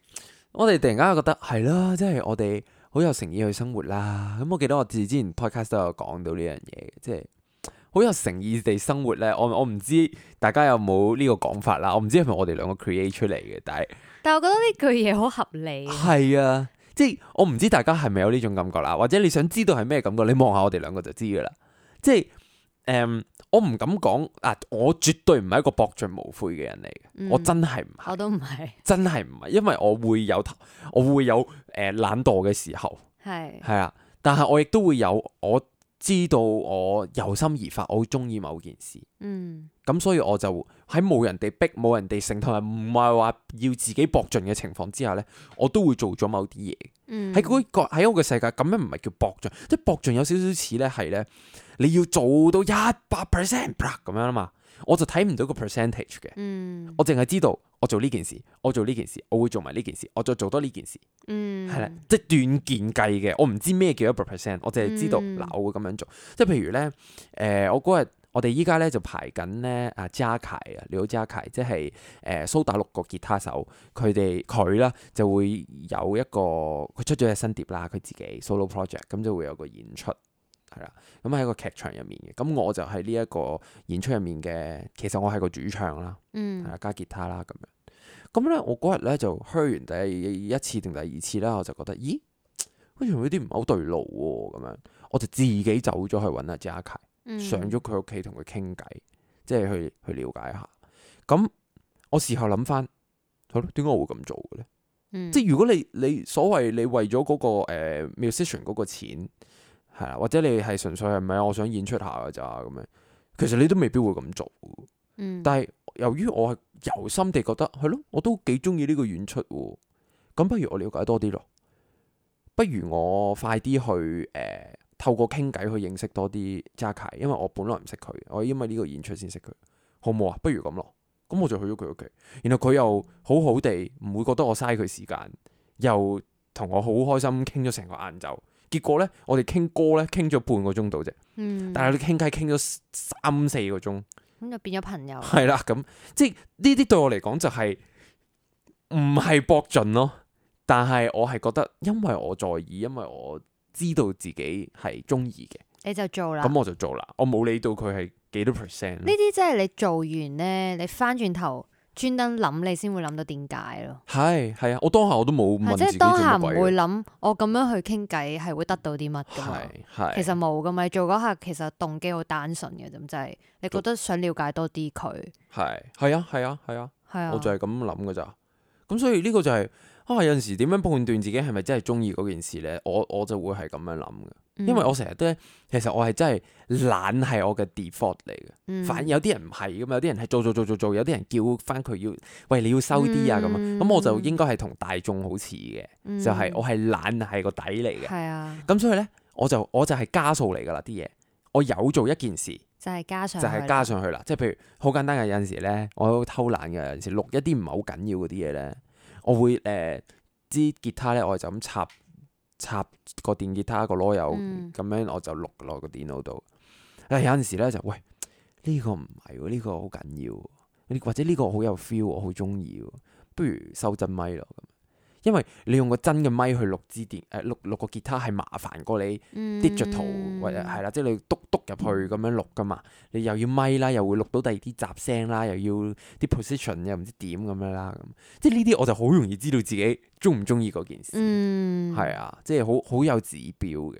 我哋突然間又覺得係囉，即係我哋好有誠意去生活啦。咁我記得我自之前 podcast 都有講到呢樣嘢，即係好有誠意地生活咧。我我唔知大家有冇呢個講法啦，我唔知係咪我哋兩個 create 出嚟嘅，但係但係我覺得呢句嘢好合理，係啊。即係我唔知大家係咪有呢種感覺啦，或者你想知道係咩感覺，你望下我哋兩個就知噶啦。即係，誒，我唔敢講嗱，我絕對唔係一個博盡無悔嘅人嚟嘅。嗯，我真係唔係，我都唔係，真係唔係，因為我會有，我會有誒懶惰嘅時候，係係啊，但係我亦都會有我。知道我由心而發，我好中意某件事，咁、嗯、所以我就喺冇人哋逼、冇人哋成，同埋唔係話要自己搏盡嘅情況之下咧，我都會做咗某啲嘢。喺嗰、嗯嗰個喺我嘅世界，咁樣唔係叫搏盡，即係搏盡有少少似咧，係咧你要做到一百 percent 咁樣啊嘛～我就睇唔到個 percentage 嘅，嗯、我淨係知道我做呢件事，我做呢件事，我會做埋呢件事，我再做多呢件事，係啦、嗯，即係斷件計嘅。我唔知咩叫做 percent，我淨係知道嗱，我，我會咁樣做。嗯、即係譬如、呃、呢，誒，我嗰日我哋依家呢就排緊呢阿 Jack 啊，你好 Jack，即係誒、呃、蘇打綠個吉他手，佢哋佢啦就會有一個佢出咗隻新碟啦，佢自己 solo project，咁就會有個演出。係啦，咁喺個劇場入面嘅，咁我就喺呢一個演出入面嘅，其實我係個主唱啦，係啦、嗯、加吉他啦咁樣，咁咧我嗰日咧就開完第一次定第二次啦，我就覺得咦，好似有啲唔係好對路咁、啊、樣，我就自己走咗去搵阿 JACKY，上咗佢屋企同佢傾偈，即係去去了解下，咁我事後諗翻，好，點解我會咁做嘅咧？嗯、即係如果你你所謂你為咗嗰、嗰個誒、呃、musician 嗰個錢。係啦，或者你係純粹係咪我想演出下噶咋咁樣？其實你都未必會咁做。嗯、但係由於我係由心地覺得，係咯，我都幾中意呢個演出喎。咁不如我了解多啲咯，不如我快啲去誒、呃，透過傾偈去認識多啲扎楷，因為我本來唔識佢，我因為呢個演出先識佢，好唔好啊？不如咁咯，咁我就去咗佢屋企，然後佢又好好地唔會覺得我嘥佢時間，又同我好開心傾咗成個晏晝。結果咧，我哋傾歌咧，傾咗半個鐘度啫。嗯，但係你傾偈傾咗三四個鐘，咁、嗯、就變咗朋友。係啦，咁即係呢啲對我嚟講就係唔係搏盡咯但係我係覺得，因為我在意，因為我知道自己係中意嘅，你就做啦。咁我就做啦，我冇理到佢係幾多 percent。呢啲即係你做完咧，你翻轉頭。專登諗你先會諗到點解咯，係係啊，我當下我都冇問，即係當下唔會諗我咁樣去傾偈係會得到啲乜噶嘛，係其實冇噶嘛，你做嗰下其實動機好單純嘅啫，就係、真係、你覺得想了解多啲佢。係係啊係啊係啊，係啊，我就係咁諗噶咋，咁所以呢個就係啊有陣時點樣判斷自己係咪真係中意嗰件事咧，我我就會係咁樣諗嘅。因為我成日都，其實我係真係懶係我嘅 default 嚟嘅。嗯、反正有啲人唔係咁有啲人係做做做做做，有啲人叫翻佢要，喂你要收啲啊咁樣。咁、嗯、我就應該係同大眾好似嘅，嗯、就係我係懶係個底嚟嘅。係啊、嗯。咁所以咧，我就我就係加數嚟㗎啦啲嘢。我有做一件事，就係加上，就係加上去啦。即係譬如好簡單嘅，有陣時咧，我偷懶嘅，有陣時錄一啲唔係好緊要嗰啲嘢咧，我會誒支、呃、吉他咧，我係就咁插。插個電吉他個攞油咁樣，嗯、我就錄落個電腦度。誒有陣時呢，就喂，呢、呢個唔係喎，呢、呢個好緊要，或者呢個好有 feel，我好中意，不如收陣咪咯因為你用個真嘅咪去錄支電，誒、啊、錄錄個吉他係麻煩過你 digital，嗯、或者係啦，即係你督督入去咁樣錄噶嘛，你又要咪啦，又會錄到第二啲雜聲啦，又要啲 position 又唔知點咁樣啦，咁即係呢啲我就好容易知道自己鍾唔鍾意嗰件事，係、嗯、啊，即係好好有指標嘅。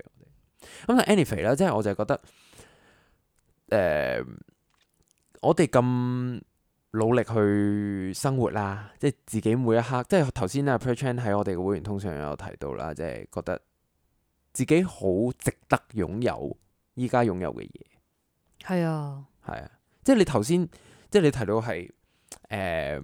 咁但 anyway 啦，即係我就係覺得，誒、呃，我哋咁。努力去生活啦，即係自己每一刻，即係頭先阿 Perchan 喺我哋嘅會員通訊有提到啦，即係覺得自己好值得擁有依家擁有嘅嘢。係是啊，係啊，即係你頭先，即係你提到係，誒、呃，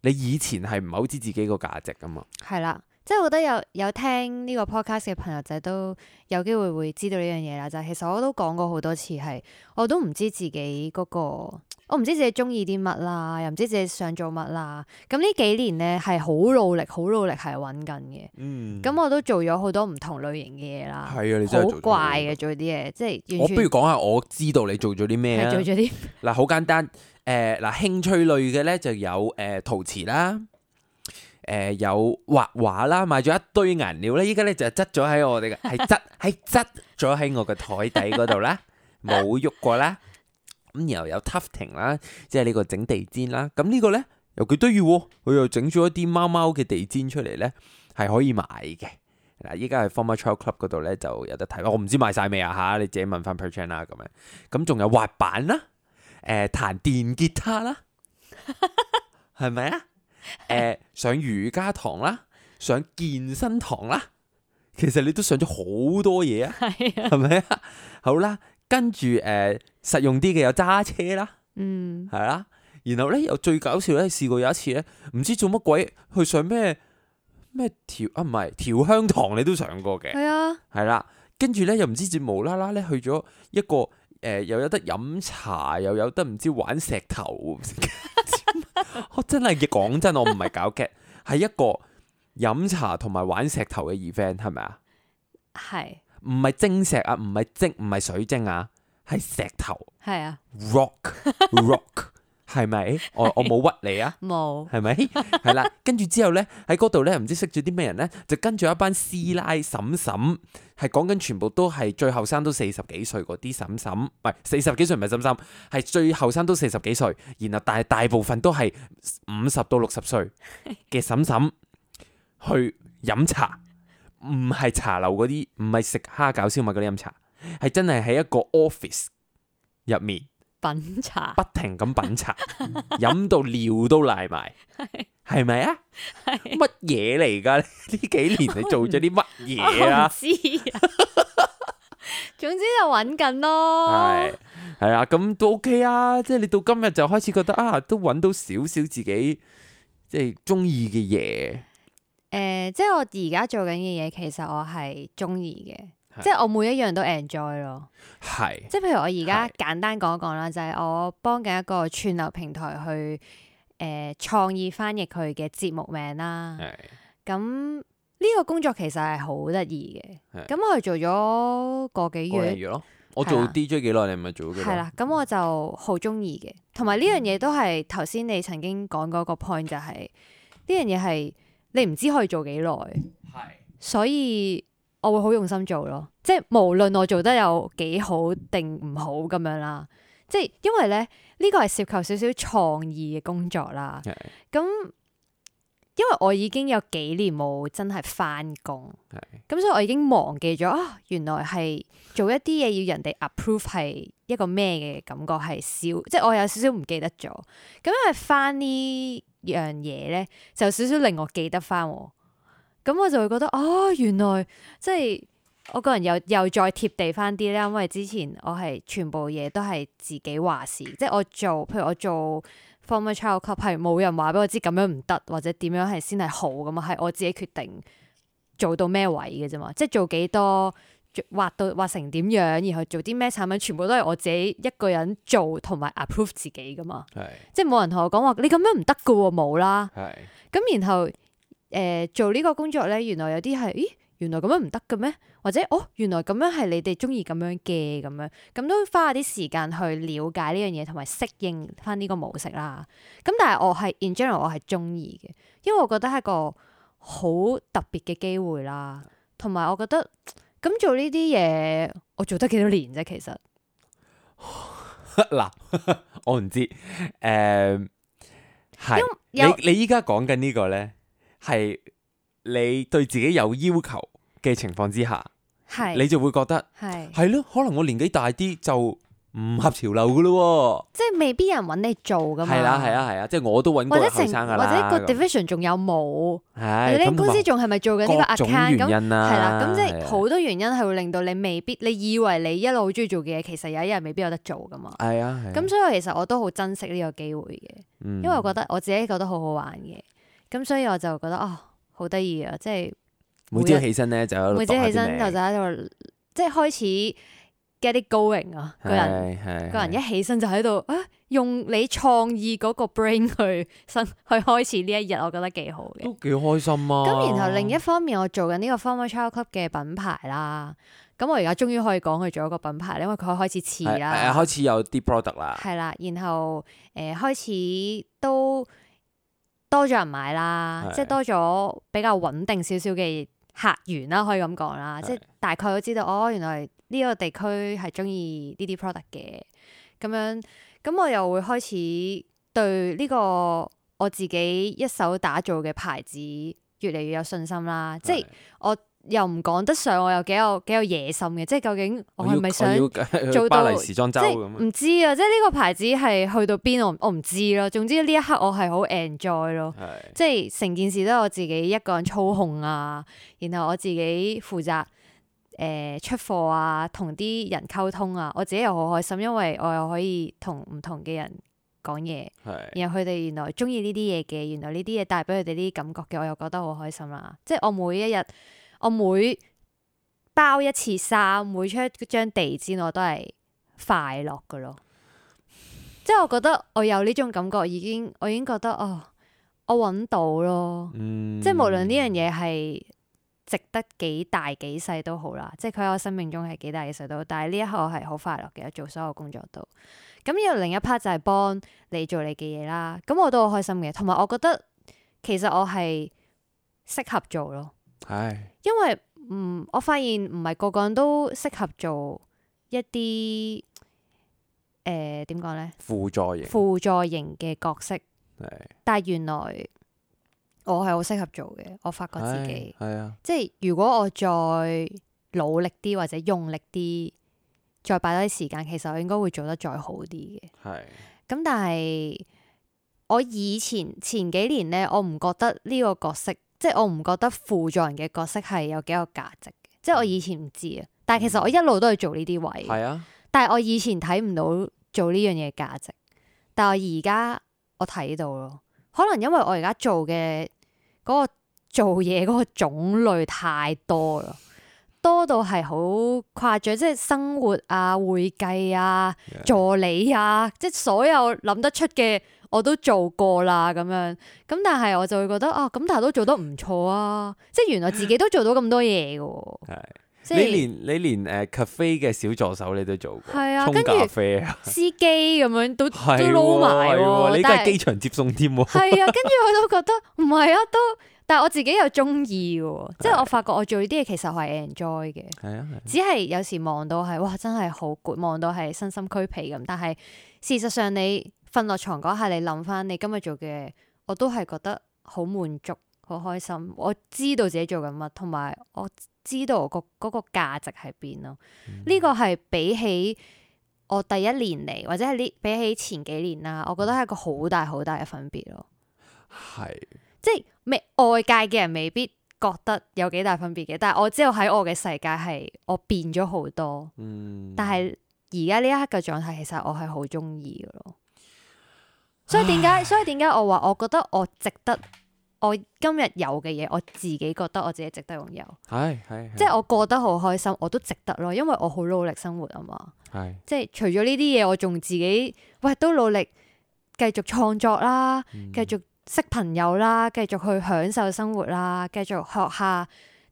你以前係唔係好知自己個價值噶嘛？係啦、啊，即係我覺得有有聽呢個 podcast 嘅朋友仔都有機會會知道呢樣嘢啦，就係其實我都講過好多次，係我都唔知自己嗰、那個。我唔知自己中意啲乜啦，又唔知自己想做乜啦。咁呢幾年咧係好努力，好努力係揾緊嘅。嗯，咁我都做咗好多唔同類型嘅嘢啦。係啊，你真係好怪嘅做啲嘢，即係完全。我不如講下我知道你做咗啲咩啊？做咗啲嗱，好簡單。誒、呃、嗱、啊，興趣類嘅咧就有誒、呃、陶瓷啦，誒、呃、有畫畫啦，買咗一堆顏料咧。依家咧就係執咗喺我哋嘅，係執係執咗喺我嘅台底嗰度啦，冇喐過啦。 咁然後有 Tufting 啦，即係呢個整地氈啦。咁、這、呢個呢，又幾得意，佢又整咗一啲貓貓嘅地氈出嚟呢，係可以買嘅。嗱，依家喺 Former、er、Child Club 嗰度呢，就有得睇。我、哦、唔知賣晒未啊吓，你自己問翻 perchan 啦，咁樣。咁仲有滑板啦，誒、呃、彈電吉他啦，係咪啊？誒、呃、上瑜伽堂啦，上健身堂啦，其實你都上咗好多嘢啊，係咪啊？好啦，跟住誒。呃實用啲嘅又揸車啦，嗯，係啦，然後咧，又最搞笑咧，試過有一次咧，唔知做乜鬼去上咩咩調啊，唔係調香堂你，你都上過嘅，係啊，係啦，跟住咧又唔知住無啦啦咧去咗一個誒、呃，又有得飲茶，又有得唔知玩石頭，呵呵我真係講真，我唔係搞劇，係呵呵 一個飲茶同埋玩石頭嘅 event，係咪啊？係，唔係晶石啊，唔係晶，唔係水晶啊。係石頭，rock rock，係咪？ 我我冇屈你啊，冇，係咪？係啦，跟住之後呢，喺嗰度呢，唔知識咗啲咩人呢，就跟住一班師奶嬸嬸，係講緊全部都係最後生都四十幾歲嗰啲嬸嬸，唔係四十幾歲唔係嬸嬸，係最後生都四十幾歲，然後大大部分都係五十到六十歲嘅嬸嬸去飲茶，唔係茶樓嗰啲，唔係食蝦餃燒麥嗰啲飲茶。係真係喺一個 office 入面品茶，不停咁品茶，飲 到尿都瀨埋，係咪 啊？乜嘢嚟噶？呢 幾年你做咗啲乜嘢啊？唔知啊， 總之就搵緊咯。係係啊，咁、啊、都 OK 啊。即係你到今日就開始覺得啊，都搵到少少自己即係中意嘅嘢。誒，即係、呃、我而家做緊嘅嘢，其實我係中意嘅。即係我每一樣都 enjoy 咯，係是，即係譬如我而家簡單講講啦，是就係我幫緊一個串流平台去誒創、呃、意翻譯佢嘅節目名啦，係是，咁呢、呢個工作其實係好得意嘅，咁是我哋做咗個幾月，咯，我做 DJ 幾耐、啊、你唔係做，係啦、啊，咁我就好中意嘅，同埋呢樣嘢都係頭先你曾經講嗰個 point 就係呢樣嘢係你唔知可以做幾耐，係的，是所以。我會好用心做咯，即係無論我做得有幾好定唔好咁樣啦，即係因為咧呢個係涉及少少創意嘅工作啦，咁是的、嗯、因為我已經有幾年冇真係翻工，咁是的、嗯、所以我已經忘記咗啊，原來係做一啲嘢要人哋 approve 係一個咩嘅感覺，係少即係我有少少唔記得咗，咁因為翻呢樣嘢咧就少少令我記得翻。咁我就會覺得啊、哦，原來即係我個人又又再貼地翻啲咧，因為之前我係全部嘢,都係自己話事，即係我做，譬如我做 Former Child Club 係冇人話俾我知咁樣唔得，或者點樣係先係好咁嘛。係我自己決定做到咩位嘅啫嘛，即係做幾多，畫到畫成點樣，然後做啲咩產品，全部都係我自己一個人做同埋 approve 自己噶嘛，是即係冇人同我講話你咁樣唔得噶喎，冇啦，係是，咁然後。誒、呃，做呢個工作咧，原來有啲係，咦，原來咁樣唔得嘅咩？或者哦，原來咁樣係你哋中意咁樣嘅咁樣，咁都花啲時間去了解呢樣嘢，同埋適應翻呢個模式啦。咁但係我係 in general，我係中意嘅，因為我覺得係一個好特別嘅機會啦。同埋我覺得咁、呃、做呢啲嘢，我做得幾多年啫？其實嗱， 我唔知誒，係你你依家講緊呢個咧。係你對自己有要求嘅情況之下，係你就會覺得係係咯，可能我年紀大啲就唔合潮流噶咯，即係未必有人搵你做噶嘛。係啦，係啊，係啊，即係我都搵過或者個 division 仲有冇，或者公司仲係咪做緊呢個 account？咁係啦，咁即係好多原因係會令到你未必你以為你一路好中意做嘅嘢，其實有一日未必有得做噶嘛。係啊，咁所以其實我都好珍惜呢個機會嘅，因為我覺得我自己覺得好好玩嘅。咁所以我就覺得哦，好得意啊！即係每朝起身咧就喺度，每朝起身就就喺度，即係開始 get it going 啊！的個人的個人一起身就喺度啊，用你創意嗰個 brain 去生去開始呢一日，我覺得幾好嘅。都幾開心啊！咁然後另一方面，我做緊呢個 formal、er、child 級嘅品牌啦。咁我而家終於可以講佢做一個品牌，因為佢開始試啦，開始有啲 product 啦，係啦。然後誒、呃，開始都。多咗人買啦，即係多咗比較穩定少少嘅客源啦，可以咁講啦。即係大概都知道，哦，原來呢個地區係中意呢啲 product 嘅，咁樣，咁我又會開始對呢個我自己一手打造嘅牌子越嚟越有信心啦。即係我。又唔講得上，我又幾有幾有野心嘅，即係究竟我係咪想做到？即唔知啊！即係呢個牌子係去到邊，我我唔知咯。總之呢一刻我係好 enjoy 咯，是的 即係成件事都係我自己一個人操控啊，然後我自己負責誒、呃、出貨啊，同啲人溝通啊，我自己又好開心，因為我又可以同唔同嘅人講嘢，是的 然後佢哋原來中意呢啲嘢嘅，原來呢啲嘢帶俾佢哋啲感覺嘅，我又覺得好開心啦！即係我每一日。我每包一次衫，每出一張地氈，我都係快樂噶咯。即係我覺得我有呢種感覺，已經我已經覺得哦，我搵到咯。嗯、即係無論呢樣嘢係值得幾大幾細都好啦，即係佢喺我生命中係幾大幾細都好。但係呢一刻我係好快樂嘅，做所有工作都。咁又另一 part 就係幫你做你嘅嘢啦，咁我都好開心嘅。同埋我覺得其實我係適合做咯。因為唔、嗯，我發現唔係個個人都適合做一啲誒，點講咧？輔助型，輔助型嘅角色。係。但係原來我係好適合做嘅，我發覺自己即係如果我再努力啲或者用力啲，再擺多啲時間，其實我應該會做得再好啲嘅。係。咁但係我以前前幾年呢，我唔覺得呢個角色。即係我唔覺得輔助人嘅角色係有幾有價值嘅，即係我以前唔知啊。但係其實我一路都係做呢啲位，但係我以前睇唔到做呢樣嘢價值。但係而家我睇到咯，可能因為我而家做嘅嗰個做嘢嗰個種類太多啦，多到係好誇張，即係生活啊、會計啊、助理啊，即係所有諗得出嘅。我都做過啦，咁樣咁，但係我就會覺得啊，咁但係都做得唔錯啊，即係原來自己都做到咁多嘢嘅。係，即係你連你連誒 cafe 嘅小助手你都做過，沖咖啡啊，司機咁樣都都撈埋喎。你都係機場接送添喎。係啊，跟住我都覺得唔係啊，都但係我自己又中意嘅，即係我發覺我做呢啲嘢其實係 enjoy 嘅。係啊，只係有時望到係哇，真係好攰，望到係身心俱疲咁。但係事實上你，瞓落床嗰下，你諗翻你今日做嘅嘢，我都係覺得好滿足、好開心。我知道自己做緊乜，同埋我知道個嗰個價值喺邊咯。呢個係比起我第一年嚟，或者係呢比起前幾年啦，我覺得係一個好大好大嘅分別咯。係是即係未外界嘅人未必覺得有幾大分別嘅，但係我知道喺我嘅世界係我變咗好多。嗯，但係而家呢一刻嘅狀態，其實我係好中意嘅咯。所以點解？所以點解我話我覺得我值得我今日有嘅嘢，我自己覺得我自己值得擁有。係係，即 係樂我過得好開心，我都值得咯，因為我好努力生活啊嘛。係，即 係樂除咗呢啲嘢，我仲自己喂、哎、都努力繼續創作啦，繼續識朋友啦，繼續去享受生活啦，繼續學下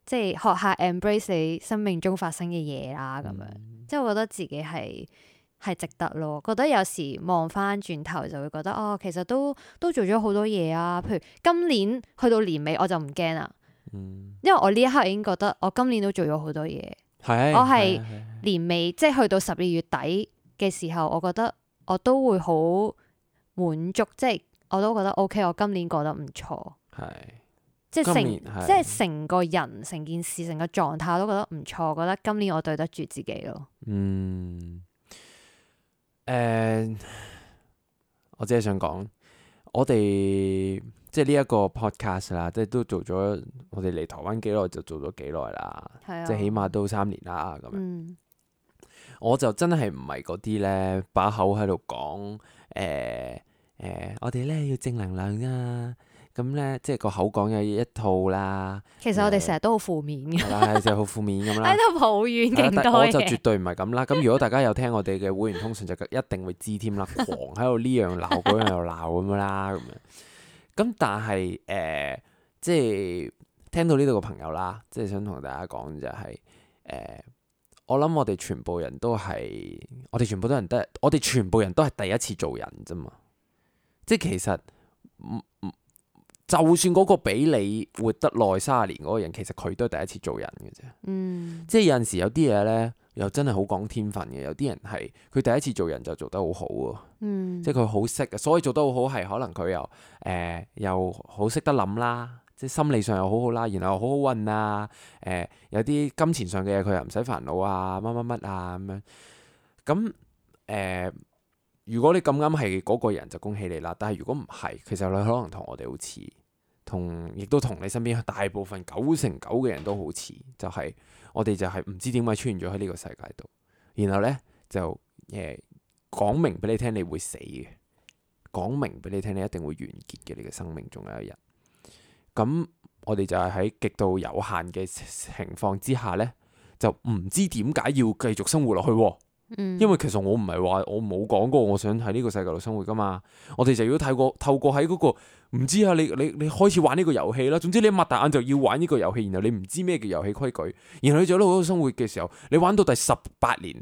即係、就是、學下 embrace 你生命中發生嘅嘢啦，咁樣即係我覺得自己係，係值得咯，覺得有時望翻轉頭就會覺得哦，其實都都做咗好多嘢啊。譬如今年去到年尾，我就唔驚啦。嗯，因為我呢一刻已經覺得我今年都做咗好多嘢。是我係年尾即係去到十二月底嘅時候，我覺得我都會好滿足，即係我都覺得 OK，我今年過得唔錯。係是，即係成即係成個人、成件事、成個狀態都覺得唔錯，覺得今年我對得住自己咯。嗯。誒、uh，我只係想講，我哋即係呢一個 podcast 啦，即係都做咗，我哋嚟台灣幾耐就做咗幾耐啦，啊、即係起碼都三年啦咁樣。嗯、我就真係唔係嗰啲呢把口喺度講，誒、呃呃、我哋呢要正能量啊！咁呢、嗯，即係個口講有一套啦。其實我哋成日都好負面嘅，成日好負面咁啦，喺度抱怨勁多嘢。我就絕對唔係咁啦。咁 如果大家有聽我哋嘅會員通訊，就一定會知添啦。狂喺度呢樣鬧，嗰 樣又鬧咁樣啦。咁 樣咁，但係誒、呃，即係聽到呢度嘅朋友啦，即係想同大家講就係、是、誒、呃，我諗我哋全部人都係我哋全部都人都係我哋全部人都係第一次做人啫嘛。即係其實就算嗰個比你活得耐三十年嗰個人，其實佢都係第一次做人嘅啫。嗯、即係有陣時有啲嘢呢，又真係好講天分嘅。有啲人係佢第一次做人就做得好好喎。嗯、即係佢好識，所以做得好好係可能佢又、呃、又好識得諗啦，即係心理上又好好啦，然後好好運啊。呃、有啲金錢上嘅嘢佢又唔使煩惱啊，乜乜乜啊咁樣。咁、呃如果你咁啱係嗰個人，就恭喜你啦！但係如果唔係，其實你可能同我哋好似，同亦都同你身邊大部分九成九嘅人都好似，就係、是、我哋就係唔知點解出越咗喺呢個世界度，然後呢，就誒講、呃、明俾你聽，你會死嘅，講明俾你聽，你一定會完結嘅你嘅生命，仲有一日。咁我哋就係喺極度有限嘅情況之下呢就唔知點解要繼續生活落去。因為其實我唔係話我冇講過，我想喺呢個世界度生活噶嘛，我哋就要透過透過喺嗰個唔知啊，你你你開始玩呢個遊戲啦，總之你擘大眼就要玩呢個遊戲，然後你唔知咩叫遊戲規矩，然後你就喺度生活嘅時候，你玩到第十八年。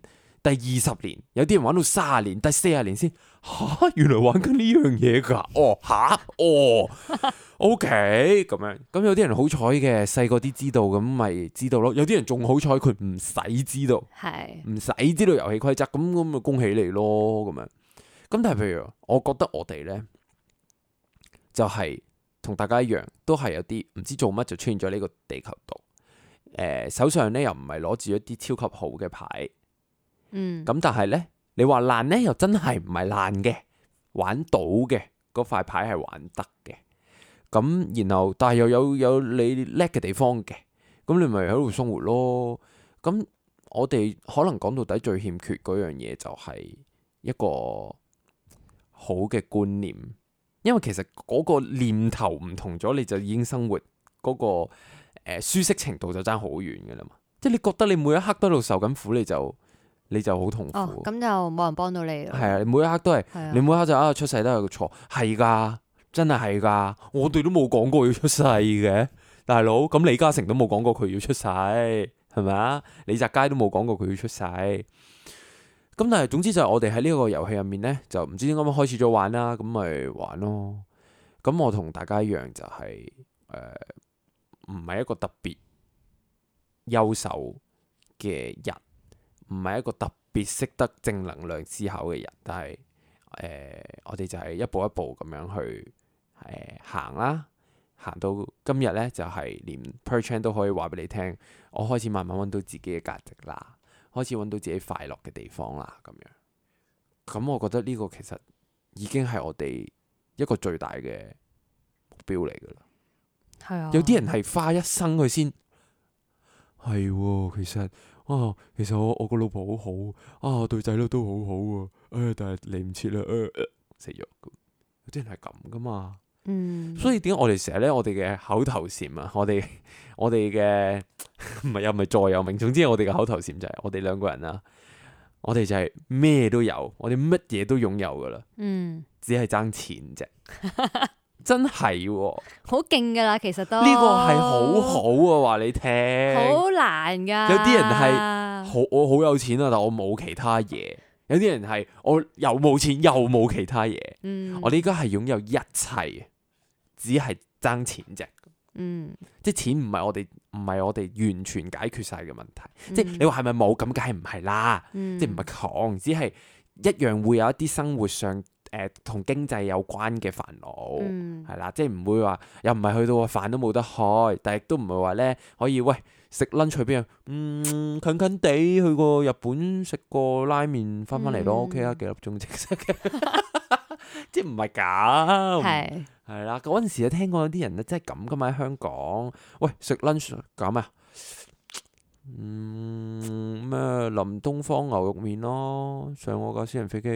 第二十年有啲人玩到三十年，第四十年先，吓，原來玩緊呢、哦哦 okay, 樣嘢噶哦吓哦，O K 咁樣。咁有啲人好彩嘅，細個啲知道，咁咪知道咯。有啲人仲好彩，佢唔使知道唔使是知道遊戲規則，咁咁咪恭喜你咯咁樣。咁但係譬如，我覺得我哋呢，就係、是、同大家一樣，都係有啲唔知做乜就出現咗呢個地球度，呃，手上呢又唔係攞住一啲超級好嘅牌。嗯，咁但係呢，你話爛呢又真係唔係爛嘅，玩到嘅嗰塊牌係玩得嘅，咁然後但係又有有你叻嘅地方嘅，咁你咪喺度生活咯。咁我哋可能講到底最欠缺嗰樣嘢就係一個好嘅觀念，因為其實嗰個念頭唔同咗，你就已經生活嗰個、呃、舒適程度就爭好遠噶啦嘛。即係你覺得你每一刻都喺度受緊苦，你就。你就好痛苦。哦，咁就冇人幫到你。係啊，每一刻都係，你每一刻都係，你每一刻就啊出世都係個錯，係噶，真係係噶。我哋都冇講過要出世嘅，大佬。咁李嘉誠都冇講過佢要出世，係咪啊？李澤楷都冇講過佢要出世。咁但係總之就係我哋喺呢個遊戲入面呢，就唔知點解開始咗玩啦。咁咪玩咯。咁我同大家一樣就係誒，唔係一個特別優秀嘅人。唔係一個特別識得正能量思考嘅人，但係誒、呃，我哋就係一步一步咁樣去誒行、呃、啦，行到今日呢，就係、是、連 Perchan 都可以話俾你聽，我開始慢慢揾到自己嘅價值啦，開始揾到自己快樂嘅地方啦，咁樣，咁我覺得呢個其實已經係我哋一個最大嘅目標嚟噶啦，是啊、有啲人係花一生去先係、 啊，其實。啊，其實我我個老婆好好，啊，對仔女都好好喎、呃，但係嚟唔切啦，誒、呃，死咗有啲人係咁噶嘛，嗯、所以點解我哋成日咧，我哋嘅口頭禪啊，我哋我哋嘅唔係又唔係座右銘，總之我哋嘅口頭禪就係，我哋兩個人啊，我哋就係咩都有，我哋乜嘢都擁有噶啦，嗯、只係爭錢啫。 真係喎，好勁噶啦，其實都呢個係好好啊，話你聽。好難噶。有啲人係好，我好有錢啊，但我冇其他嘢；有啲人係我又冇錢又冇其他嘢。嗯，我哋而家係擁有一切，只係爭錢啫。嗯，即係錢唔係我哋唔係我哋完全解決晒嘅問題。嗯，即係你話係咪冇咁？梗係唔係啦。嗯，即係唔係窮，只係一樣會有一啲生活上。同、呃、經濟有關嘅煩惱係啦、嗯，即係唔會話又唔係去到飯都冇得開，但係亦都唔係話呢可以喂食 lunch 去邊，嗯，近近地去過日本食過拉麵，翻返嚟都 OK 啊、嗯，幾粒鐘食、嗯、 即係唔係咁係係啦。嗰陣是時啊，聽過有啲人咧真係咁噶嘛，喺香港喂食 lunch 去邊啊？嗯，咩林東方牛肉麵咯，上我架私人飛機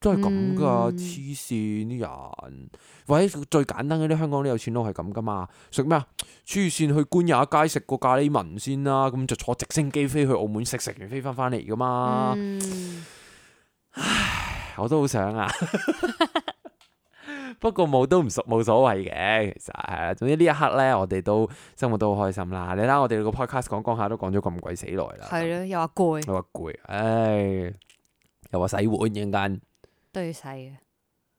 都係咁噶，黐線啲人。或者最簡單嗰啲香港啲有錢佬係咁噶嘛？食咩啊？黐線去官也街食個咖喱文先啦，咁就坐直升機飛去澳門食，食完飛翻翻嚟噶嘛？嗯、唉，我都好想啊， 不過冇都唔冇所謂嘅，其實係。總之呢一刻呢，我哋都生活都好開心啦。你睇我哋個 podcast 講講下都講咗咁鬼死耐啦。係咯、嗯哎，又話攰，又話攰，唉，又話洗碗陣間。最細嘅，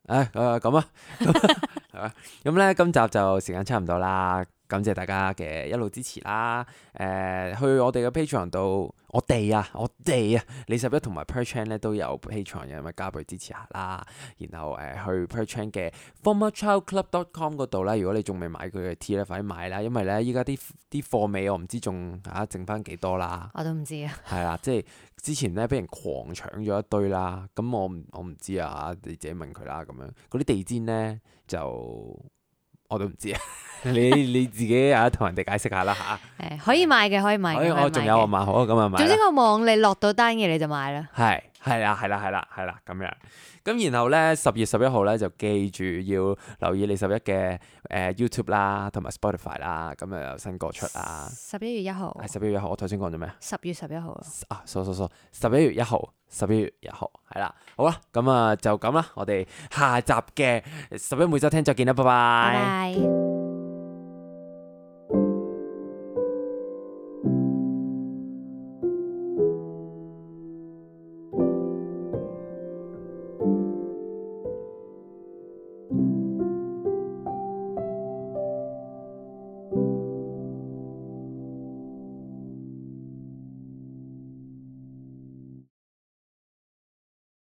唉，咁、哎呃、啊，係咪、啊？咁咧、 嗯，今集就時間差唔多啦。感謝大家嘅一路支持啦！誒、呃，去我哋嘅 Patreon 度，我哋啊，我哋啊，李十一同埋 Perchan 咧都有 Patreon 嘅，咪加倍支持下啦。然後誒、呃，去 Perchan 嘅 formerchildclub.com 嗰度啦。如果你仲未買佢嘅 T 咧，快啲買啦，因為咧依家啲啲貨尾我唔知仲嚇、啊、剩翻幾多啦。我都唔知啊。係啦，即係之前咧俾人狂搶咗一堆啦。咁我唔我唔知啊，你自己問佢啦咁樣。嗰啲地氈咧就～我都唔知啊， 你你自己啊，同 人哋解釋下啦吓。係可以買嘅，可以買。可以，我仲有我買，我買好，咁啊買。總之個網你落到單嘅你就買啦。係。係啦，係啦，係啦，係啦，咁樣。咁然後呢，十月十一號呢，就記住要留意你十一嘅 YouTube 啦，同埋 Spotify 啦，咁啊有新歌出啦。十一月一號。十一月一號，我頭先講咗咩？十月十一號咯。啊，錯錯錯，十一月一號，十一月一號，係啦。好啦，咁啊就咁啦，我哋下集嘅十一每周聽再見啦，拜拜。Bye bye